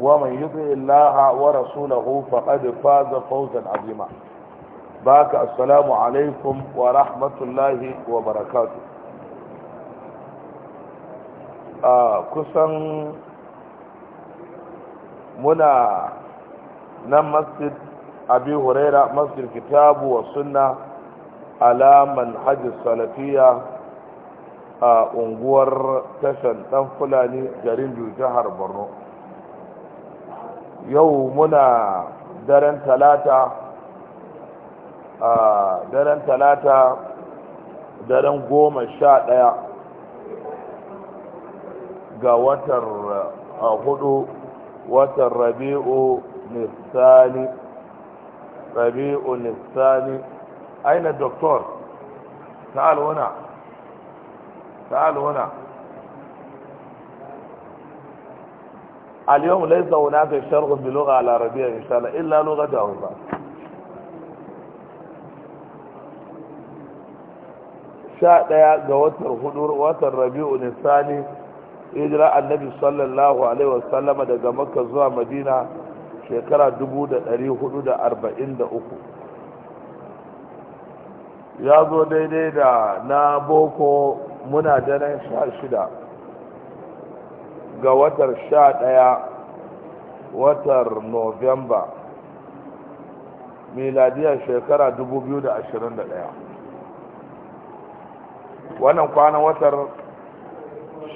ومن يطع الله ورسوله فقد فاز فوزا عظيما باك السلام عليكم ورحمة الله وبركاته كسن منا نم مسجد أبي هريرة مسجد الكتاب والسنة على منهج السلفية a unguwar tashan dan fulani garin biyu jihar borno yau muna daren talata a daren talata daren goma sha ɗaya ga watan hudu watan rabi'u nisani rabi'u nisani aina doktor ta'al wana ta'al wana اليوم ليس هناك شرح بلغة العربية إن شاء الله إلا لغتهم sha ɗaya ga watan hudu watan rabi'u nisani hijira annabi sallallahu alaihi wasallama daga makka zuwa madina shekara dubu da ɗari hudu da arba'in da uku ya zo daidai da na boko muna daren sha shida ga watar sha ɗaya watar novemba miladiyar shekara 2021 wannan kwanan watar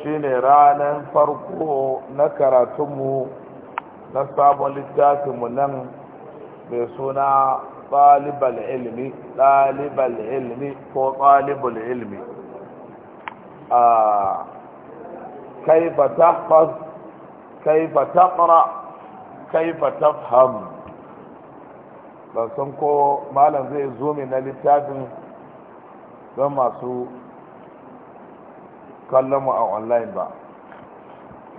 shine ranar farko na karatunmu na sabon littafinmu nan mai suna ɗalibar ilmi ɗalibal ilmi ko ɗalibar ilmi a ah, كيف تحفظ كيف تقرأ كيف تفهم لسنكو مالا زي زومي نالي تابن لما سو كلمه او اونلاين با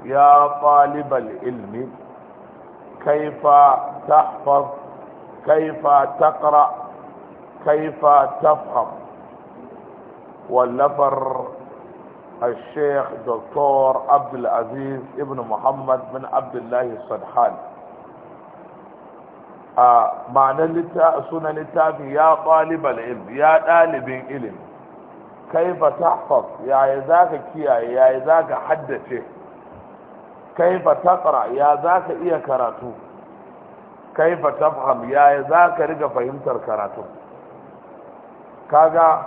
يا طالب العلم كيف تحفظ كيف تقرأ كيف تفهم واللفر الشيخ دكتور عبد العزيز ابن محمد بن عبد الله الصدحان معنى سنة للتابي يا طالب العلم يا طالب العلم كيف تحفظ يا ذاك كيا يا ذاك حدثه كيف تقرأ يا ذاك إيا كراتو كيف تفهم يا ذاك رقى فهمتر كراتو كذا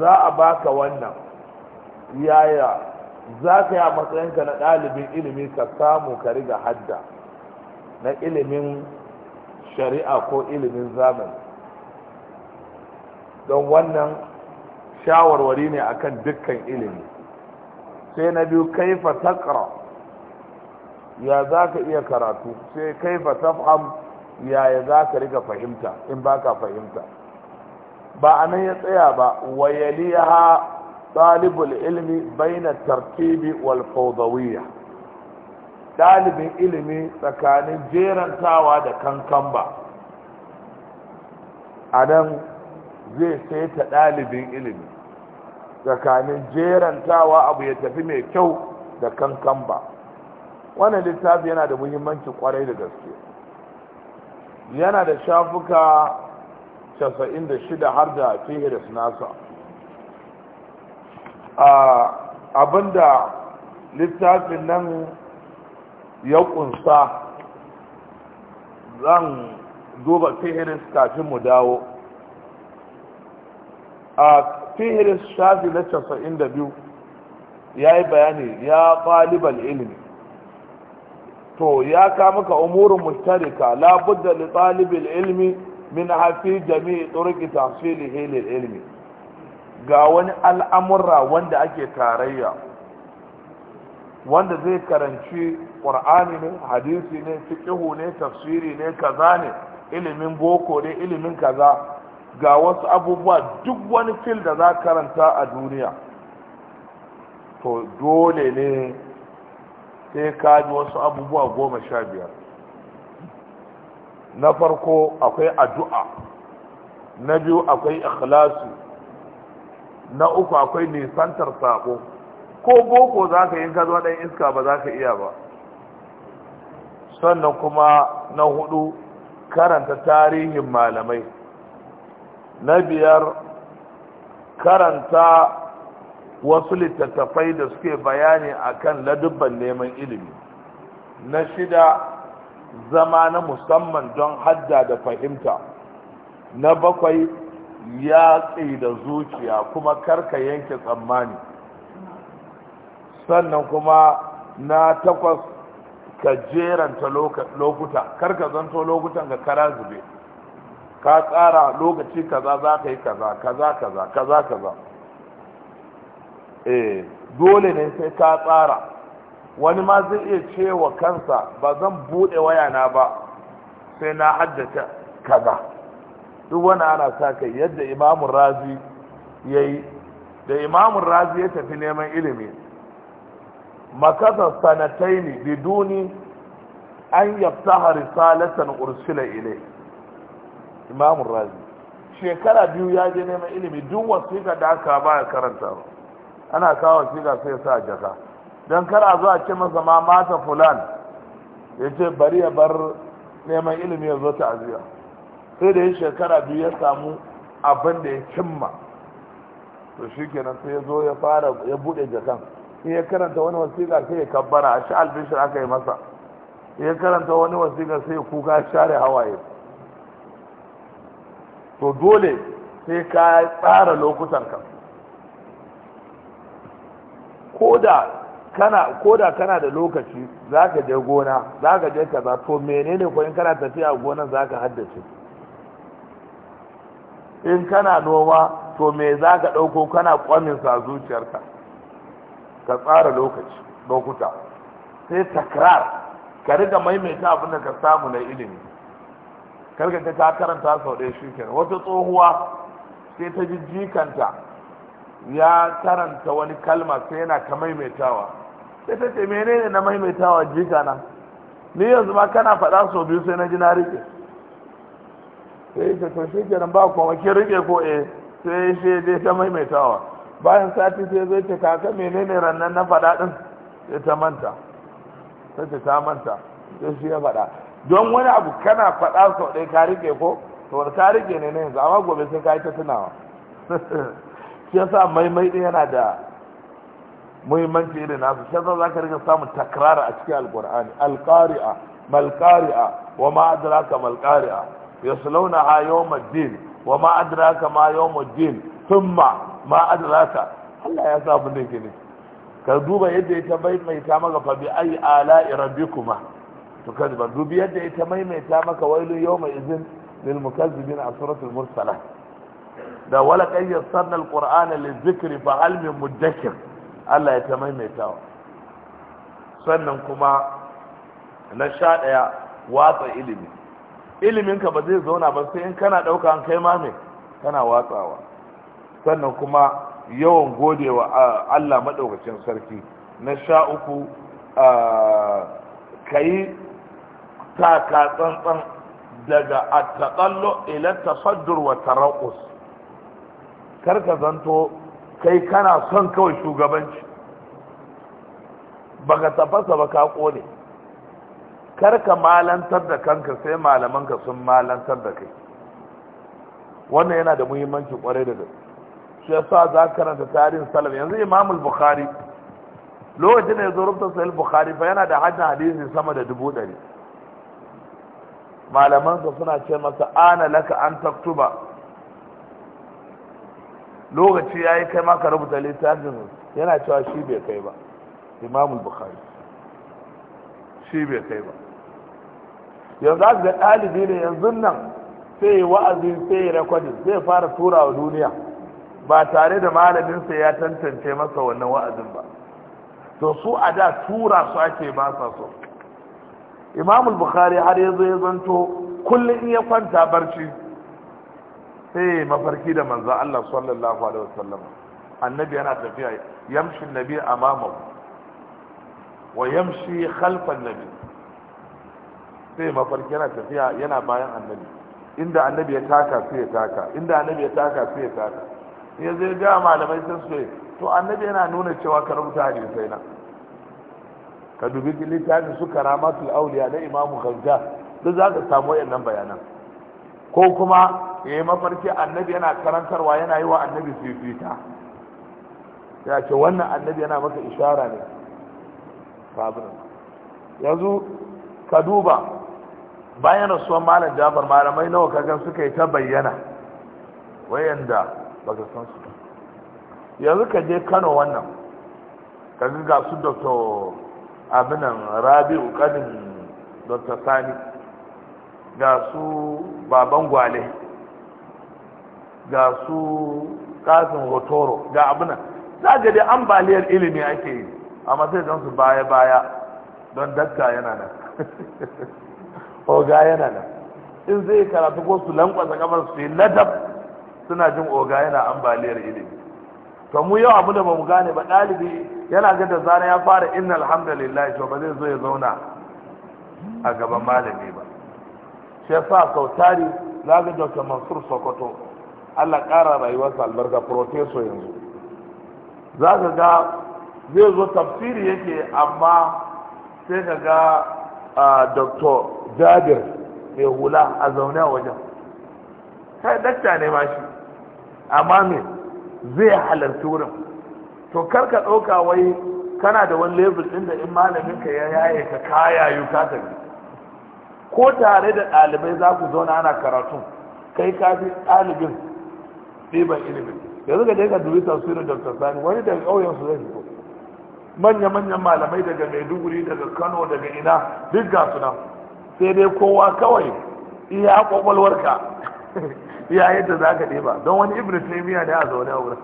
za a baka wannan yaya za ka yi a matsayinka na ɗalibin ilimi ka samu ka riga hadda na ilimin shari'a ko ilimin zamani don wannan shawarwari ne akan dukkan ilimi sai na biyu kaifa takra ya za ka iya karatu sai kaifa ya yaya za ka riga fahimta in ba ka fahimta ba a nan ya tsaya ba wayaliya ɗalibul ilmi baina tartibi wal fawdawiyya ɗalibin ilimi tsakanin jerantawa da kankamba a nan zai saita ɗalibin ilimi tsakanin jerantawa abu ya tafi mai kyau da kankamba wannan littafi yana da muhimmanci kwarai da gaske yana da shafuka da shida har da fihiris nasa abinda littafin nan ya kunsa zan duba fihiris kafin mu dawo a fihiris shafi na casa'in da biyu ya yi bayani ya ƙalibar ilimi to ya ka maka umurin mutarika labudda li talibin ilimi min hafi jami'i turki tafsili hilil ilimi ga wani al'amurra wanda ake tarayya wanda zai karanci ƙwar'ani ne hadisi ne fiƙihu ne tafsiri ne kaza ne ilimin boko ne ilimin kaza ga wasu abubuwa duk wani fil da za karanta a duniya to dole ne sai ka wasu abubuwa goma sha biyar na farko akwai addu'a na biyu akwai ikhlasu na uku akwai nisantar sabo ko boko za ka yi ka zo ɗan iska ba za ka iya ba sannan kuma na hudu karanta tarihin malamai na biyar karanta wasu littattafai da suke bayani akan ladubban neman ilimi na shida zama na musamman don hadda da fahimta na bakwai yatsi da zuciya kuma karka yanke tsammani sannan kuma na takwas ka jeranta lokuta karka zanto lokutan ga kara zube ka tsara lokaci kaza za ka yi kaza kaza kaza kaza kaza eh dole ne sai ka tsara wani ma zai iya cewa kansa ba zan bude wayana ba sai na haddace kaza duk wani ana sa kai yadda imamun razi ya yi da imamun razi ya tafi neman ilimi makasar sanatai ne biduni an harisa risalatan ursila ile imamun razi shekara biyu ya je neman ilimi duk wasiƙa da aka ba ya karanta ba ana kawo wasiƙa sai sa jaka don kar a zo a ce masa ma mata fulan ya ce bari ya bar neman ilimi ya zo ta'aziyya sai da ya shekara biyu ya samu abin da ya cimma to shi kenan sai ya zo ya fara ya buɗe jakan in ya karanta wani wasiƙa sai ya kabbara a shi albishir aka yi masa in ya karanta wani wasiƙa sai ya kuka share hawaye to dole sai ka tsara lokutan ka koda kana koda kana da lokaci zaka je gona zaka je kaza to menene ko in kana tafiya gona zaka haddace in kana noma to me za ka ɗauko kana kwamin sa zuciyarka ka tsara lokaci lokuta sai takrar ka riga maimaita abin da ka samu na ilimi karka ta ka karanta sau ɗaya shi kenan wata tsohuwa sai ta ji jikanta ya karanta wani kalma sai yana ta maimaitawa sai ta ce menene na maimaitawa jikana ni yanzu ma kana faɗa sau biyu sai na ji na rike sai ta to shi kenan ba kuma kin rike ko eh sai shi dai ta maimaitawa bayan sati sai zai ce kaka menene rannan na faɗa ɗin sai ta manta sai ta ta manta sai shi ya faɗa don wani abu kana faɗa sau ɗaya ka rike ko to wani ka rike ne na yanzu amma gobe sai ka yi ta tunawa shi yasa maimai ɗin yana da muhimmanci irin nasu shi yasa za ka rika samun takrara a cikin alƙur'ani alƙari'a malƙari'a wa ma ka malƙari'a yaslawnaha yawmuddin wa ma adraka ma yawmuddin thumma ma adraka Allah ya sa abin da ka duba yadda ita maimaita maka fa bi ayi ala'i yadda ita maimaita maka wailu yawma izin lil mukazzibin a suratul mursalah da wala kan yassarna alqur'ana lizikri fa hal min mudakkir Allah ya ta maimaitawa sannan kuma na sha watsa ilimi iliminka ba zai zauna ba sai in kana ɗauka an kai ma me kana watsawa sannan kuma yawan godewa Allah maɗaukacin sarki na sha uku ka yi taka tsantsan daga attaƙallo ila tafaddur wa tarakus karka zanto kai kana son kawai shugabanci baka tafasa ba ka ƙone Karka malantar da kanka sai malamanka sun malantar da kai wannan yana da muhimmanci kwarai da gaske shi yasa za ka karanta tarihin salaf yanzu Imam al bukhari lokacin da ya zo rubuta sahih bukhari fa yana da hajjin hadisi sama da dubu ɗari malamansa suna ce masa ana laka an taktuba lokaci ya yi kai maka rubuta littafin yana cewa shi bai kai ba Imam al bukhari shi bai kai ba yanzu ga ɗalibi ne yanzu nan sai yi wa'azi sai yi rekodin zai fara tura wa duniya ba tare da malaminsa ya tantance masa wannan wa'azin ba to su a da tura su ake ba so imamul bukhari har ya zo ya zanto kullum in ya kwanta barci sai ya mafarki da manzan allah sallallahu alaihi wasallam annabi yana tafiya yamshi nabi amamahu wa yamshi khalfan nabi sai mafarki yana tafiya yana bayan annabi inda annabi ya taka sai ya taka inda annabi ya taka sai ya taka ya zai ga malamai sun so to annabi yana nuna cewa ka rubuta hadisai na ka dubi littafin su karamatul auliya na imamu khazza duk za ka samu wayannan bayanan ko kuma ya yi mafarki annabi yana karantarwa yana yi wa annabi fifita ya ce wannan annabi yana maka ishara ne yanzu ka duba bayan rasuwan malam jabar malamai nawa kagan suka yi ta bayyana wayanda ka san su yanzu ka je kano wannan ka ga su dr abinan rabi'u kanin dr sani ga su baban gwale ga su kasin hotoro ga abinan za dai ambaliyar ilimi ake yi amma sai su baya-baya don dakta yana nan oga yana nan in zai karatu ko su lankwasa kamar su yi ladab suna jin oga yana ambaliyar ilimi to mu yau abu da mu gane ba ɗalibi yana ga da zara ya fara inna alhamdulillah to ba zai zo ya zauna a gaban malami ba shi yasa sau tari za ga dr mansur sokoto allah ƙara rayuwarsa albarka profeso yanzu za ka ga zai zo tafsiri yake amma sai ka ga a dr jabir mai hula a zaune a wajen kai dakta ne ma amma me zai halarci wurin to kar ka ɗauka wai kana da wani level ɗin da in malamin ka ya yaye ka yi ka tafi ko tare da ɗalibai za ku zauna ana karatu kai ka fi ɗalibin ɗiban ilimin yanzu ka je ka dubi tafsirin dr sani wani daga ƙauyen su zai fito manya-manyan malamai daga maiduguri daga kano daga ina duk ga suna sai dai kowa kawai iya kwakwalwarka iya yadda za ka ɗeba don wani ibn ne a zaune a wurin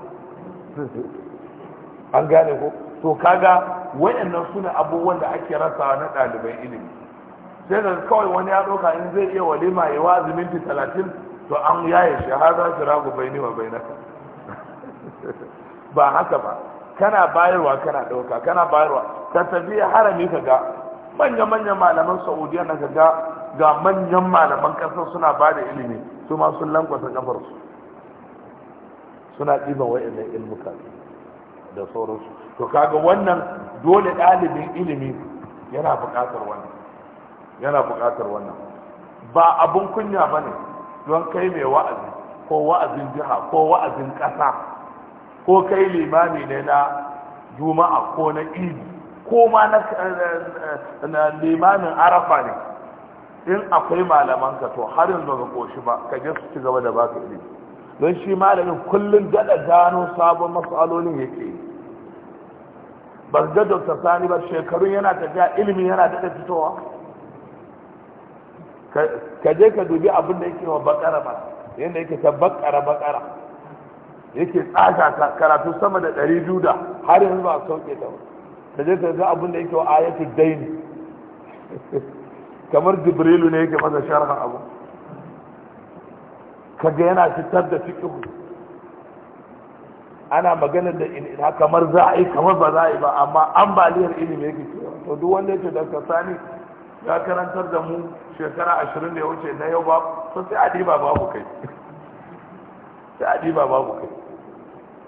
an gane ko to kaga wayannan suna abubuwan da ake rasa na ɗalibai ilimi sai daga kawai wani ya ɗauka in zai iya walima ya wa ziminti talatin to an yaye shi har za shi ragu bai ni wa bai ba haka ba kana bayarwa kana ɗauka kana bayarwa ka tafi harami ka ga manya-manyan malaman saudiya na ga ga manyan malaman ƙasar suna ba da ilimi su ma sun lankwasa su suna ɗiban wa'annan ilmuka da sauransu to kaga wannan dole ɗalibin ilimi yana buƙatar wannan yana buƙatar wannan ba abun kunya ba ne don kai mai wa'azi ko wa'azin jiha ko wa'azin ƙasa ko kai limami ne na juma'a ko na idi ko ma na limamin arafa ne in akwai malaman ka to har yanzu ba koshi ba ka je su ci gaba da baka ilimi don shi malamin kullum daɗa gano sabon matsalolin yake yi ba ga dr sani ba shekarun yana tafiya ilimin yana daɗa fitowa ka je ka dubi abin da yake wa bakara ba yadda yake ta bakara bakara yake tsaga karatu sama da ɗari biyu da har yanzu ba a sauke ta ba ta je ta ga abin da yake wa ayatu daini kamar jibrilu ne yake masa sharha abu kaga yana fitar da fiqhu ana maganar da in ina kamar za a yi kamar ba za a yi ba amma ambaliyar ilimi yake cewa to duk wanda yake da kasani ya karantar da mu shekara ashirin da ya wuce na yau ba sai a diba babu kai sai a diba babu kai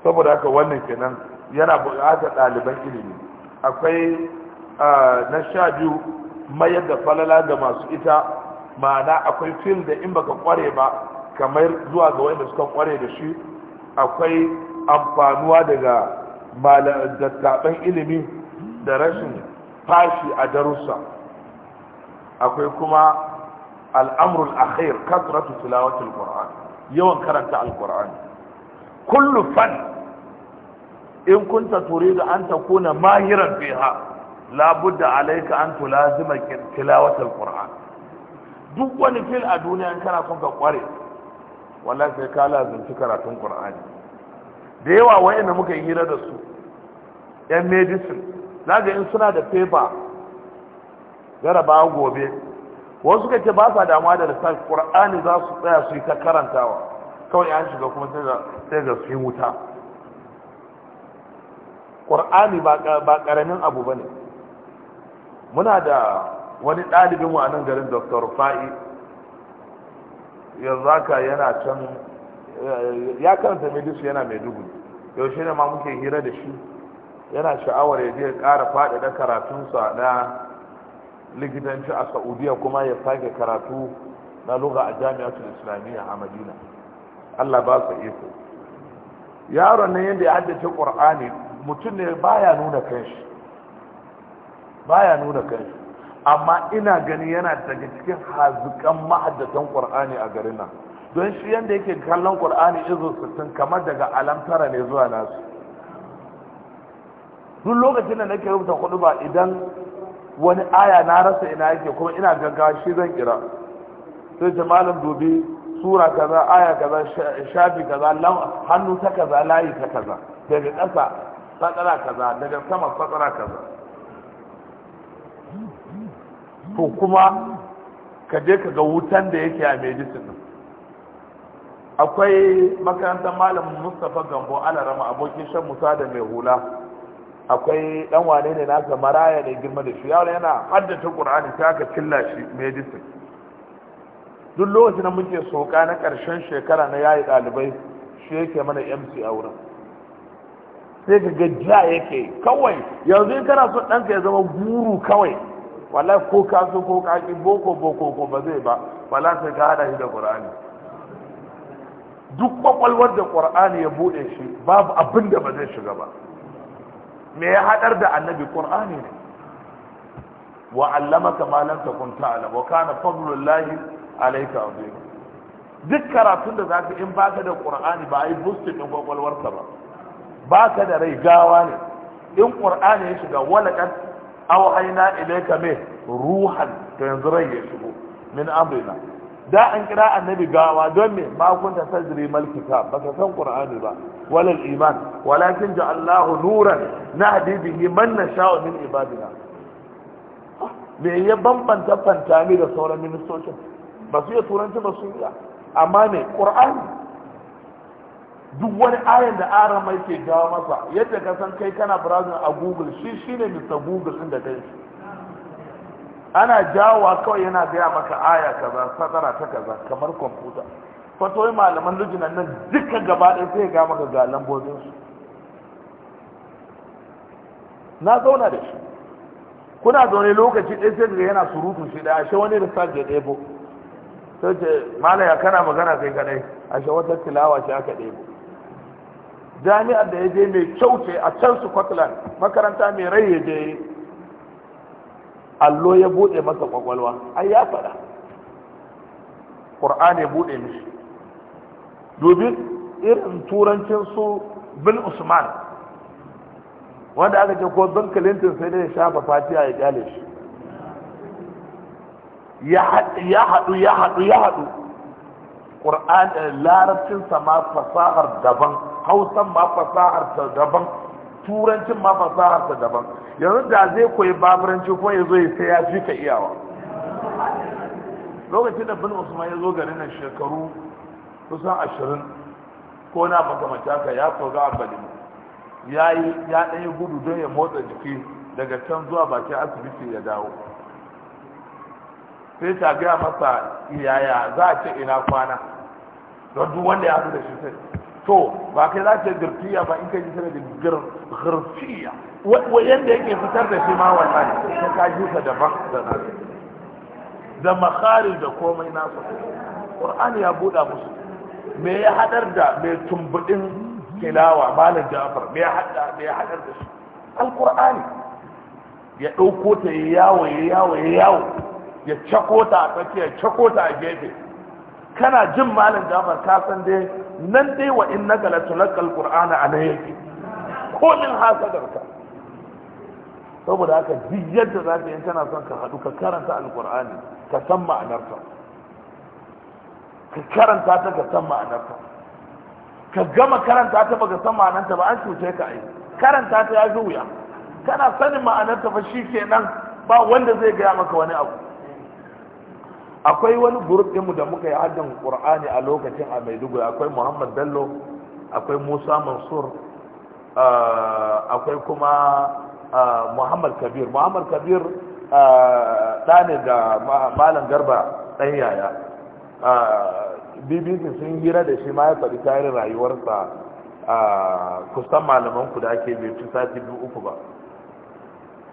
saboda haka wannan kenan yana buƙatar ɗaliban ilimi akwai na sha biyu mayar da falala ga masu ita ma'ana akwai fil da in baka kware ba kamar zuwa ga wanda suka kware da shi akwai amfanuwa daga zaɓen ilimi da rashin fashi a darussa akwai kuma al'amrul akhair kasratu tilawatul qur'an yawan karanta al kullu fan in kunta da an ta kuna mahiran fiha la budda alayka an tulazima tilawatul qur'an duk wani fil a duniya in kana son ka kware wallahi sai ka lazimci karatun qur'ani da yawa wayanda muka yi hira da su yan medicine zaga in suna da paper gara jarabawa gobe wasu kace ba sa damuwa da lissafi qur'ani za su tsaya su yi ta karantawa kawai an shiga kuma sai ga su wuta ƙwar'ani ba ƙaramin abu ba ne muna da wani ɗalibin a nan garin dr fa'i yanzu haka yana can ya karanta medisu yana mai dugu yaushe ne ma muke hira da shi yana sha'awar ya je ƙara faɗaɗa karatunsa na likitanci a saudiya kuma ya sake karatu na lugha a jami'atul islamiyya a madina Allah ba su iko yaron nan yadda ya haddace ƙur'ani mutum ne baya nuna kanshi baya nuna kanshi amma ina gani yana daga cikin hazikan mahaddatan ƙur'ani a garin nan don shi yadda yake kallon ƙur'ani izo sittin kamar daga alamtara ne zuwa nasu duk lokacin da nake rubuta kuɗi ba idan wani aya na rasa ina yake kuma ina gaggawa shi zan kira sai ta malam dubi sura kaza aya kaza shafi kaza hannu ta kaza layi ta kaza daga ƙasa fatsara kaza daga sama fatsara kaza to kuma ka je ka ga wutan da yake a medicine akwai makarantar malamin mustapha gambo alarama abokin shan musa da mai hula akwai dan wane ne nasa maraya ne girma da shi yaro yana haddace ƙur'ani sai aka killa shi medicine duk lokacin da muke soka na ƙarshen shekara na yayi ɗalibai shi yake mana mc a wurin sai ka ga ja yake kawai yanzu in kana son ɗanka ya zama guru kawai wallahi ko ka so ko ka ki boko boko ko ba zai ba wallahi sai ka hada shi da qur'ani duk kwakwalwar da qur'ani ya bude shi babu abin da ba zai shiga ba me ya hadar da annabi qur'ani ne wa allamaka ma lam takun ta'lam wa kana fadlullahi alaika azim duk karatun da zaka in baka da qur'ani ba ai boosting din kwakwalwarka ba baka da rai gawa ne in qur'ani ya shiga walakan aw aina ilayka me ruhan to yanzu rai ya shigo min amrina da an kira annabi gawa don me ma kunta tajri mal kitab baka san qur'ani ba wala iman walakin ja'allahu nuran nahdi bihi man nasha'u min ibadina ah, me ya bambanta fantami da sauran ministocin ba su iya turanci ba su iya amma ne ƙur'ani duk wani ayan da aran mai ke jawo masa yadda ka san kai kana browsing a google shi shine mr google inda kai shi ana jawowa kawai yana gaya maka aya kaza sadara ta kaza kamar kwamfuta fatoyi malaman lujinan nan duka gaba ɗaya sai ga maka ga lambobin su. na zauna da shi kuna zaune lokaci ɗaya sai ga yana surutu shi ɗaya ashe wani da sa ɗebo sai ce malaya kana magana kai kadai a shi wata tilawa shi aka ɗebo jami'ar da ya je mai kyau ce a can scotland makaranta mai rai ya je allo ya buɗe masa kwakwalwa ai ya faɗa ƙur'an ya buɗe mishi dubi irin turancin su bin usman wanda aka ce ko bin clinton sai dai ya shafa fatiya ya kyale shi ya haɗu ya haɗu ya haɗu ƙur'an eh, larabcinsa ma fasahar daban hausan ma fasahar ta daban turancin ma fasahar ta daban yanzu da zai koyi baburanci ko ya zo ya sai ya fi ka iyawa lokacin da bin usman ya zo garin nan shekaru kusan ashirin ko na makamata ka ya koga a balin ya yi ya ɗanyi gudu don ya motsa jiki daga can zuwa bakin asibiti ya dawo sai ta gaya masa yaya za a ce ina kwana don duk wanda ya zo da shi sai to ba kai za ce girfiya ba in ka ji sanadin girfiya yadda yake fitar da shi ma wannan ka ka ji sa daban da na da makari da komai na nasu ƙur'ani ya buɗa musu me ya haɗar da mai tumbudin kilawa malam jafar me ya haɗar da shi alƙur'ani ya ɗauko ta yawo ya yawo ya yawo ya cakota a cako cakota a gefe kana jin malin jafar ka san dai nan dai wa in naka latulakal qur'ana a nan yake ko min hasadarka saboda haka duk yadda za ka yi kana son ka haɗu ka karanta alqur'ani ka san ma'anarta ka karanta ta ka san ma'anarta ka gama karanta ta baka san ma'anarta ba an cuce ka ai karanta ta ya fi wuya kana sanin ma'anarta ba shi kenan ba wanda zai gaya maka wani abu akwai wani group ɗinmu da muka yi haddan qur'ani a lokacin a maiduguri akwai muhammad bello akwai musa mansur eh, akwai kuma eh, muhammad kabir muhammad kabir eh, ɗa ne ga malam garba ɗan yaya bbc sun hira da shi ma ya faɗi tarin rayuwarsa kusan malaman ku da ake bai ci sati biyu uku ba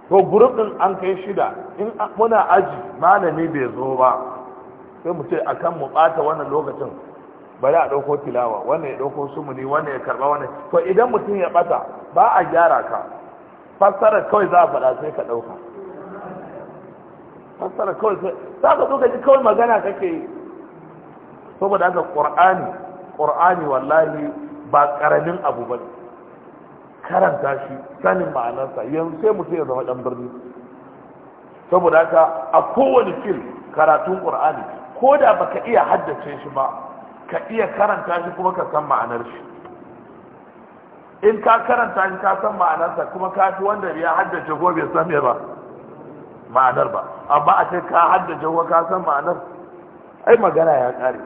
to gurubin an kai shida in muna aji malami bai zo ba sai mu ce akan mu bata wannan lokacin bari a ɗauko tilawa wannan ya ɗauko sumuni wannan ya karɓa wannan to idan mutum ya ɓata ba a gyara ka fassara kawai za a faɗa sai ka ɗauka fassara kawai sai za ka ɗauka ji kawai magana kake yi saboda haka ƙur'ani qur'ani wallahi ba ƙaramin abu ba karanta shi sanin ma'anarsa yanzu sai mutum ya zama ɗan birni saboda haka a kowane fil karatun ƙur'ani ko da ka iya haddace shi ba ka iya karanta shi kuma ka san ma'anar shi in ka karanta shi ka san ma'anarsa kuma ka fi wanda ya haddace ko bai san me ba ma'anar ba amma a ce ka haddace ko ka san ma'anar ai magana ya kare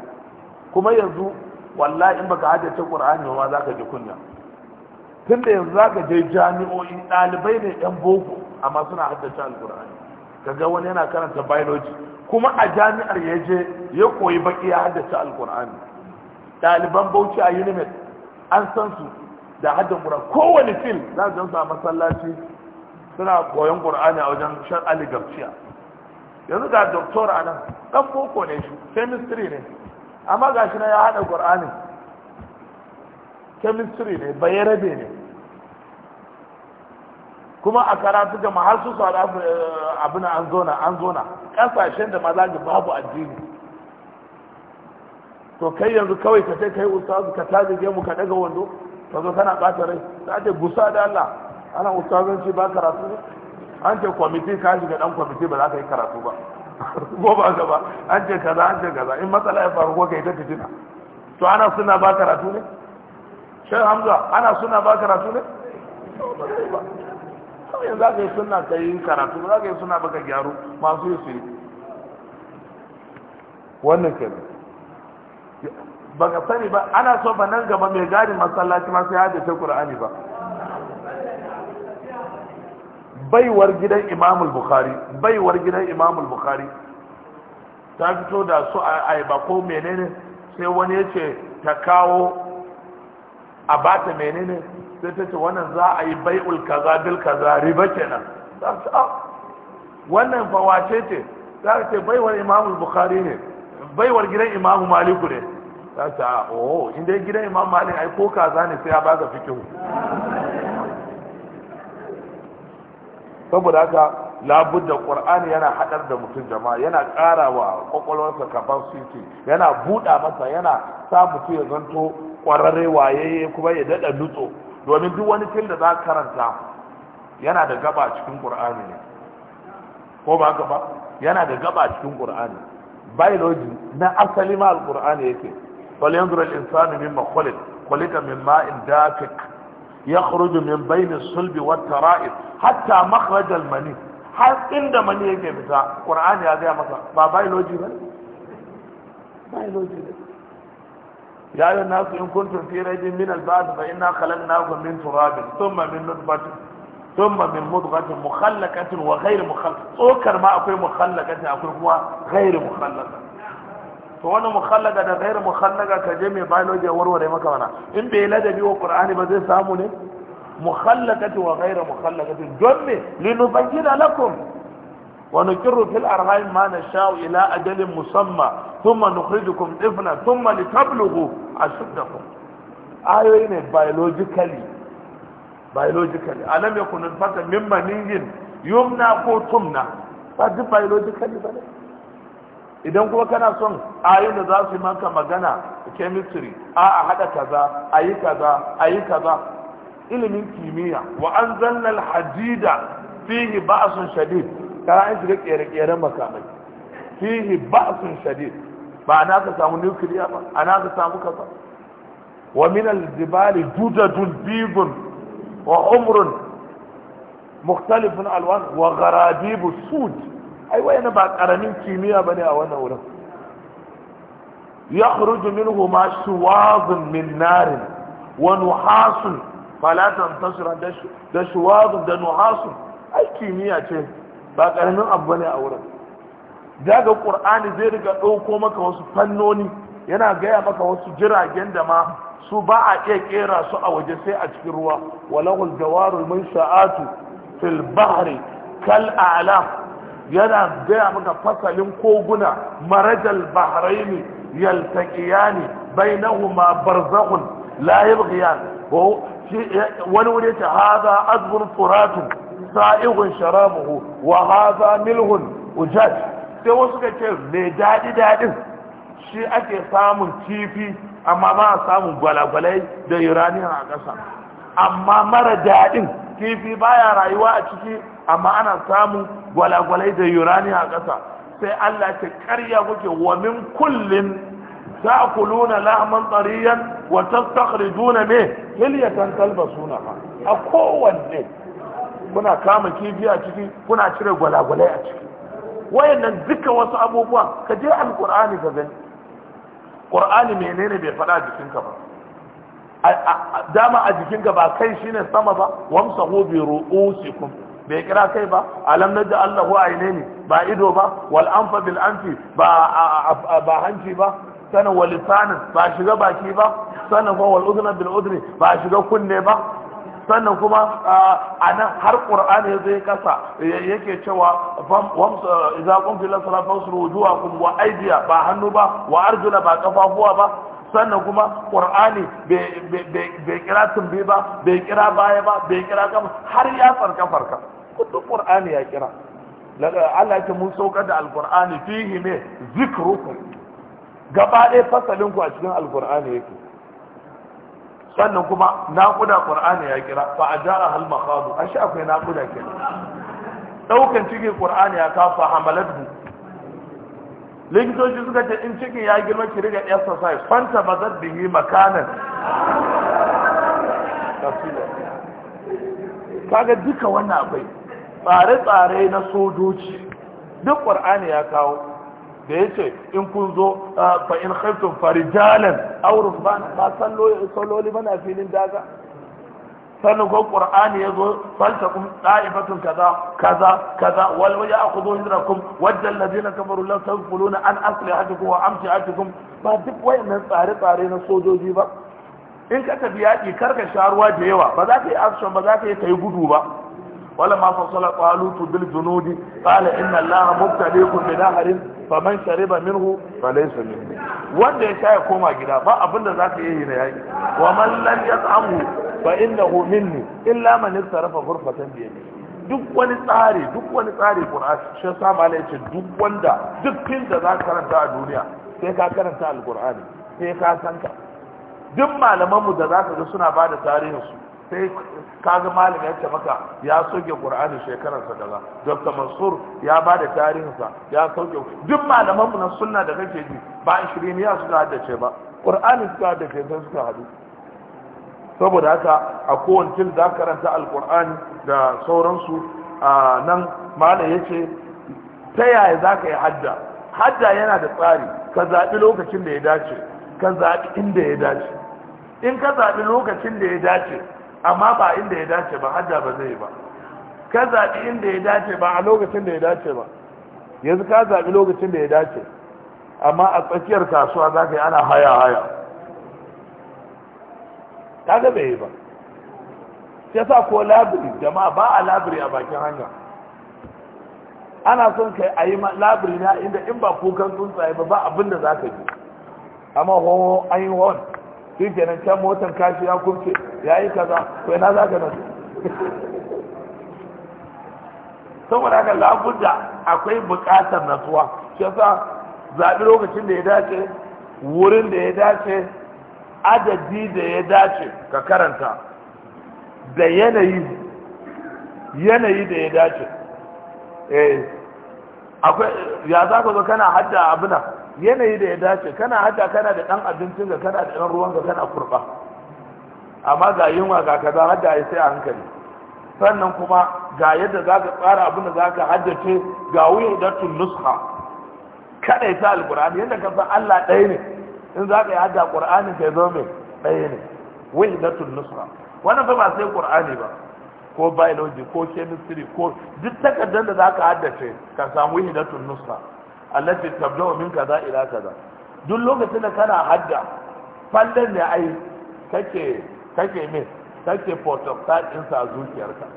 kuma yanzu wallahi in baka haddace qur'ani ma ka ji kunya tunda yanzu za ka je jami'o'i ɗalibai ne yan boko amma suna haddace Ka kaga wani yana karanta biology kuma a jami'ar ya je ya koyi baki ya haddace alkur'ani ɗaliban bauchi a unimet an san su da haddan ƙur'an kowane fil za su a masallaci suna koyon ƙur'ani a wajen shan aligarciya yanzu ga doktor a nan ɗan koko ne shi chemistry ne amma ga shi na ya haɗa ƙur'ani chemistry ne bayarabe ne kuma a karatu da har su Saudi eh, abin an zona an zona kasashen da maza ga babu addini to kai yanzu kawai ka kai ustazu ka ke mu ka daga wando ka zo kana bata rai ta ce gusa da Allah ana ustazanci ba karatu ne an ce kwamiti ka shiga dan kwamiti ba za ka yi karatu ba ko ba ka ba an ce kaza an ce kaza in matsala ya faru ko kai ta fitina to ana suna ba karatu ne shan hamza ana suna ba karatu ne kawai za ka yi suna ka yi karatu ba za ka yi suna baka gyaru masu yi su yi wannan ke ba ka sani ba ana so ba nan gaba mai gadi masallaci masu ya ta kur'ani ba baiwar gidan imamul bukhari baiwar gidan imamul bukhari ta fito da su a ba ko menene sai wani ya ce ta kawo a bata menene sai ta ce wannan za a yi bai'ul kaza bil kaza riba kenan za ta a ah, wannan fa wace ce za ta ce baiwar imamu bukhari ne baiwar gidan imamu maliku ne za ta a ah, oh inda gidan imamu malik ai ko kaza ne sai ya baka fikihu saboda haka labudda qur'ani yana hadar da mutum jama'a yana ƙara wa kwakwalwarsa capacity yana buɗa masa yana sa mutum ya zanto ƙwararre wayayye kuma ya daɗa nutso domin duk wani fil da za karanta yana da gaba cikin qur'ani ne ko ba gaba yana da gaba cikin qur'ani biology na asali ma Al-Kur'ani alqur'ani yake wal yanzuru al insanu mimma khuliq khuliqa min ma'in dafiq yakhruju min bayni sulbi wat tara'ib hatta makhraj al mani har inda mani yake fita qur'ani ya ga masa ba biology ba biology ne يا أيها الناس إن كنتم في ريب من البعث فإنا خلقناكم من تراب ثم من نطفة ثم من مضغة مخلقة وغير مخلقة أوكر ما أقول مخلقة أقول هو غير مخلقة فوانا مخلقة ده غير مخلقة كجميع بيولوجيا ورورة ما كمان إن بيلاد بيو قرآن بزي سامونه مخلقة وغير مخلقة جمع لنبين لكم ونكر في الأرهاب ما نشاء إلى أجل مسمى thumma nukhrijukum tiflan thumma litablughu ashuddakum ayoyi ne biologically biologically alam yakun fata min yumna ko tumna ba duk biologically ba idan kuma kana son ayoyin da za su yi maka magana chemistry a a hada kaza a yi kaza ayi kaza ilimin kimiyya wa an zannal hadida fihi ba'sun shadid kana an shiga kere-keren makamai fihi ba'sun shadid ba ana ka samu nukiliya ba ana ka samu kasa wa min al-jibali dudadun bibun wa umrun mukhtalifun alwan wa gharabibu sud ai wayana ba karamin kimiyya ne a wannan wurin Ya yakhruju minhu ma shuwazun min nar wa nuhasun fala tantashira da shuwazun da nuhasun ai kimiyya ce ba karamin abu ne a wurin za ga ƙur'ani zai riga ɗauko maka wasu fannoni yana gaya maka wasu jiragen da ma su ba a iya kera su a waje sai a cikin ruwa walahul jawarul mun sha'atu fil bahri kal ala yana gaya maka fasalin koguna marajal bahraini yaltaqiyani bainahuma barzakhun la yabghiyan wani wuri ta hadha azbun furatu sa'ighun sharabuhu wa hadha milhun ujaj sai wasu ka ce mai daɗi daɗin shi ake samun kifi amma ba a samun gwalagwalai da uranium a ƙasa amma mara daɗin kifi baya rayuwa a ciki amma ana samun gwalagwalai da uranium a ƙasa sai Allah ke karya kuke wa min kullin ta'kuluna lahman tariyan wa tastakhrijuna me hilyatan suna fa a kowanne kuna kama kifi a ciki kuna cire gwalagwalai a ciki nan duka wasu abubuwa ka je alqur'ani ka gani Ƙur'ani menene bai faɗa jikinka ba dama a jikinka ba kai shine sama ba wamsahu bi kun. bai kira kai ba alam na Allah wa aine ba ido ba wal anfa bil anfi ba ba hanci ba sana wal lisanin ba shiga baki ba sana fa wal udhna bil udhni ba shiga kunne ba sannan kuma a nan har qur'ani ya zai kasa yake cewa kun fi lasara salat fasru kun wa aibiya ba hannu ba wa arjuna ba kafafuwa ba sannan kuma ƙur'ani bai kira tumbi ba bai kira baya ba bai kira kama har ya farka farka duk ƙur'ani ya kira Allah ya ce mun saukar da alƙur'ani fihi ne zikrukum gaba ɗaya fasalin ku a cikin alƙur'ani yake sannan kuma naƙuda ƙur'ani ya kira fa a ja'a hal makhadu ashe akwai naƙuda ke ɗaukan cike ƙur'ani ya ka fa hamalatu likitoci suka ce in cikin ya girma ki riga exercise fanta ba zan bihi makanan kaga duka wannan akwai tsare-tsare na sojoji duk ƙur'ani ya kawo da ya ce in kun zo fa in khaitum farijalan aw ba sallo salloli bana filin daga sannan ko qur'ani yazo faltakum da'ifatun kaza kaza kaza wal ya'khudhu hijrakum wadda alladhina kafaru la tanfuluna an aslihatikum wa amtiatikum ba duk wayannan tsare tsare na sojoji ba in ka tafi yaƙi kar ka sha ruwa da yawa ba za ka yi action ba za ka yi kai gudu ba wala ma fasala qalutu bil junudi qala inna allaha mubtaliikum bi naharin faman shariba minhu falaysa minhu wanda ya sha ya koma gida ba abin da zaka yi na yaki wa man lam yat'amhu fa innahu minni illa man istarafa ghurfatan bi yadihi duk wani tsari duk wani tsari qur'ani shi yasa mala yace duk wanda duk kin da zaka karanta a duniya sai ka karanta alqur'ani sai ka san ka duk malaman mu da zaka ga suna bada tarihin su sai kaga malam ya ce maka ya soke qur'ani shekararsa kaza dr mansur ya ba da tarihinsa ya soke duk malaman mu na sunna da kake ji ba shirin ya suka haddace ba qur'ani suka haddace sai suka hadu saboda haka a kowane til za karanta alqur'ani da sauransu a nan malam ya ce ta yaya za ka yi hadda hadda yana da tsari ka zaɓi lokacin da ya dace ka zaɓi inda ya dace in ka zaɓi lokacin da ya dace amma ba inda ya dace ba hajja ba zai ba ka zaɓi inda ya dace ba a lokacin da ya dace ba yanzu ka zaɓi lokacin da ya dace amma a tsakiyar kasuwa za ka yi ana haya haya ta gaba yi ba ya sa ko labiri jama'a ba a labiri a bakin hanya ana son kai a yi labiri na inda in ba kukan tsuntsaye ba ba abinda za ka ji amma an yi wani shi kenan can motan kashi ya kurce ya yi kaza ko ina za ka nasu saboda haka labudda akwai bukatar natsuwa shi yasa zaɓi lokacin da ya dace wurin da ya dace adadi da ya dace ka karanta da yanayi yanayi da ya dace eh akwai ya za ka zo kana hadda abuna yanayi da ya dace kana haka kana da ɗan abincin ga kana da ɗan ruwan ka kana kurba amma ga yunwa ga kaza har da sai a hankali sannan kuma ga yadda za ka tsara abin da za ka haddace ga wuyar datun nusha kada ya ta alƙur'ani yadda ka san Allah ɗaya ne in za ka yi hadda ƙur'ani ka zo mai ɗaya ne wuyar datun nusha wannan fa ba sai ƙur'ani ba ko biology ko chemistry ko duk takardar da za ka haddace ka samu wuyar datun nusha allati tabda'u min kaza ila kaza duk lokacin da kana hadda fallan ne ai kake kake min kake photocard din sa zuciyarka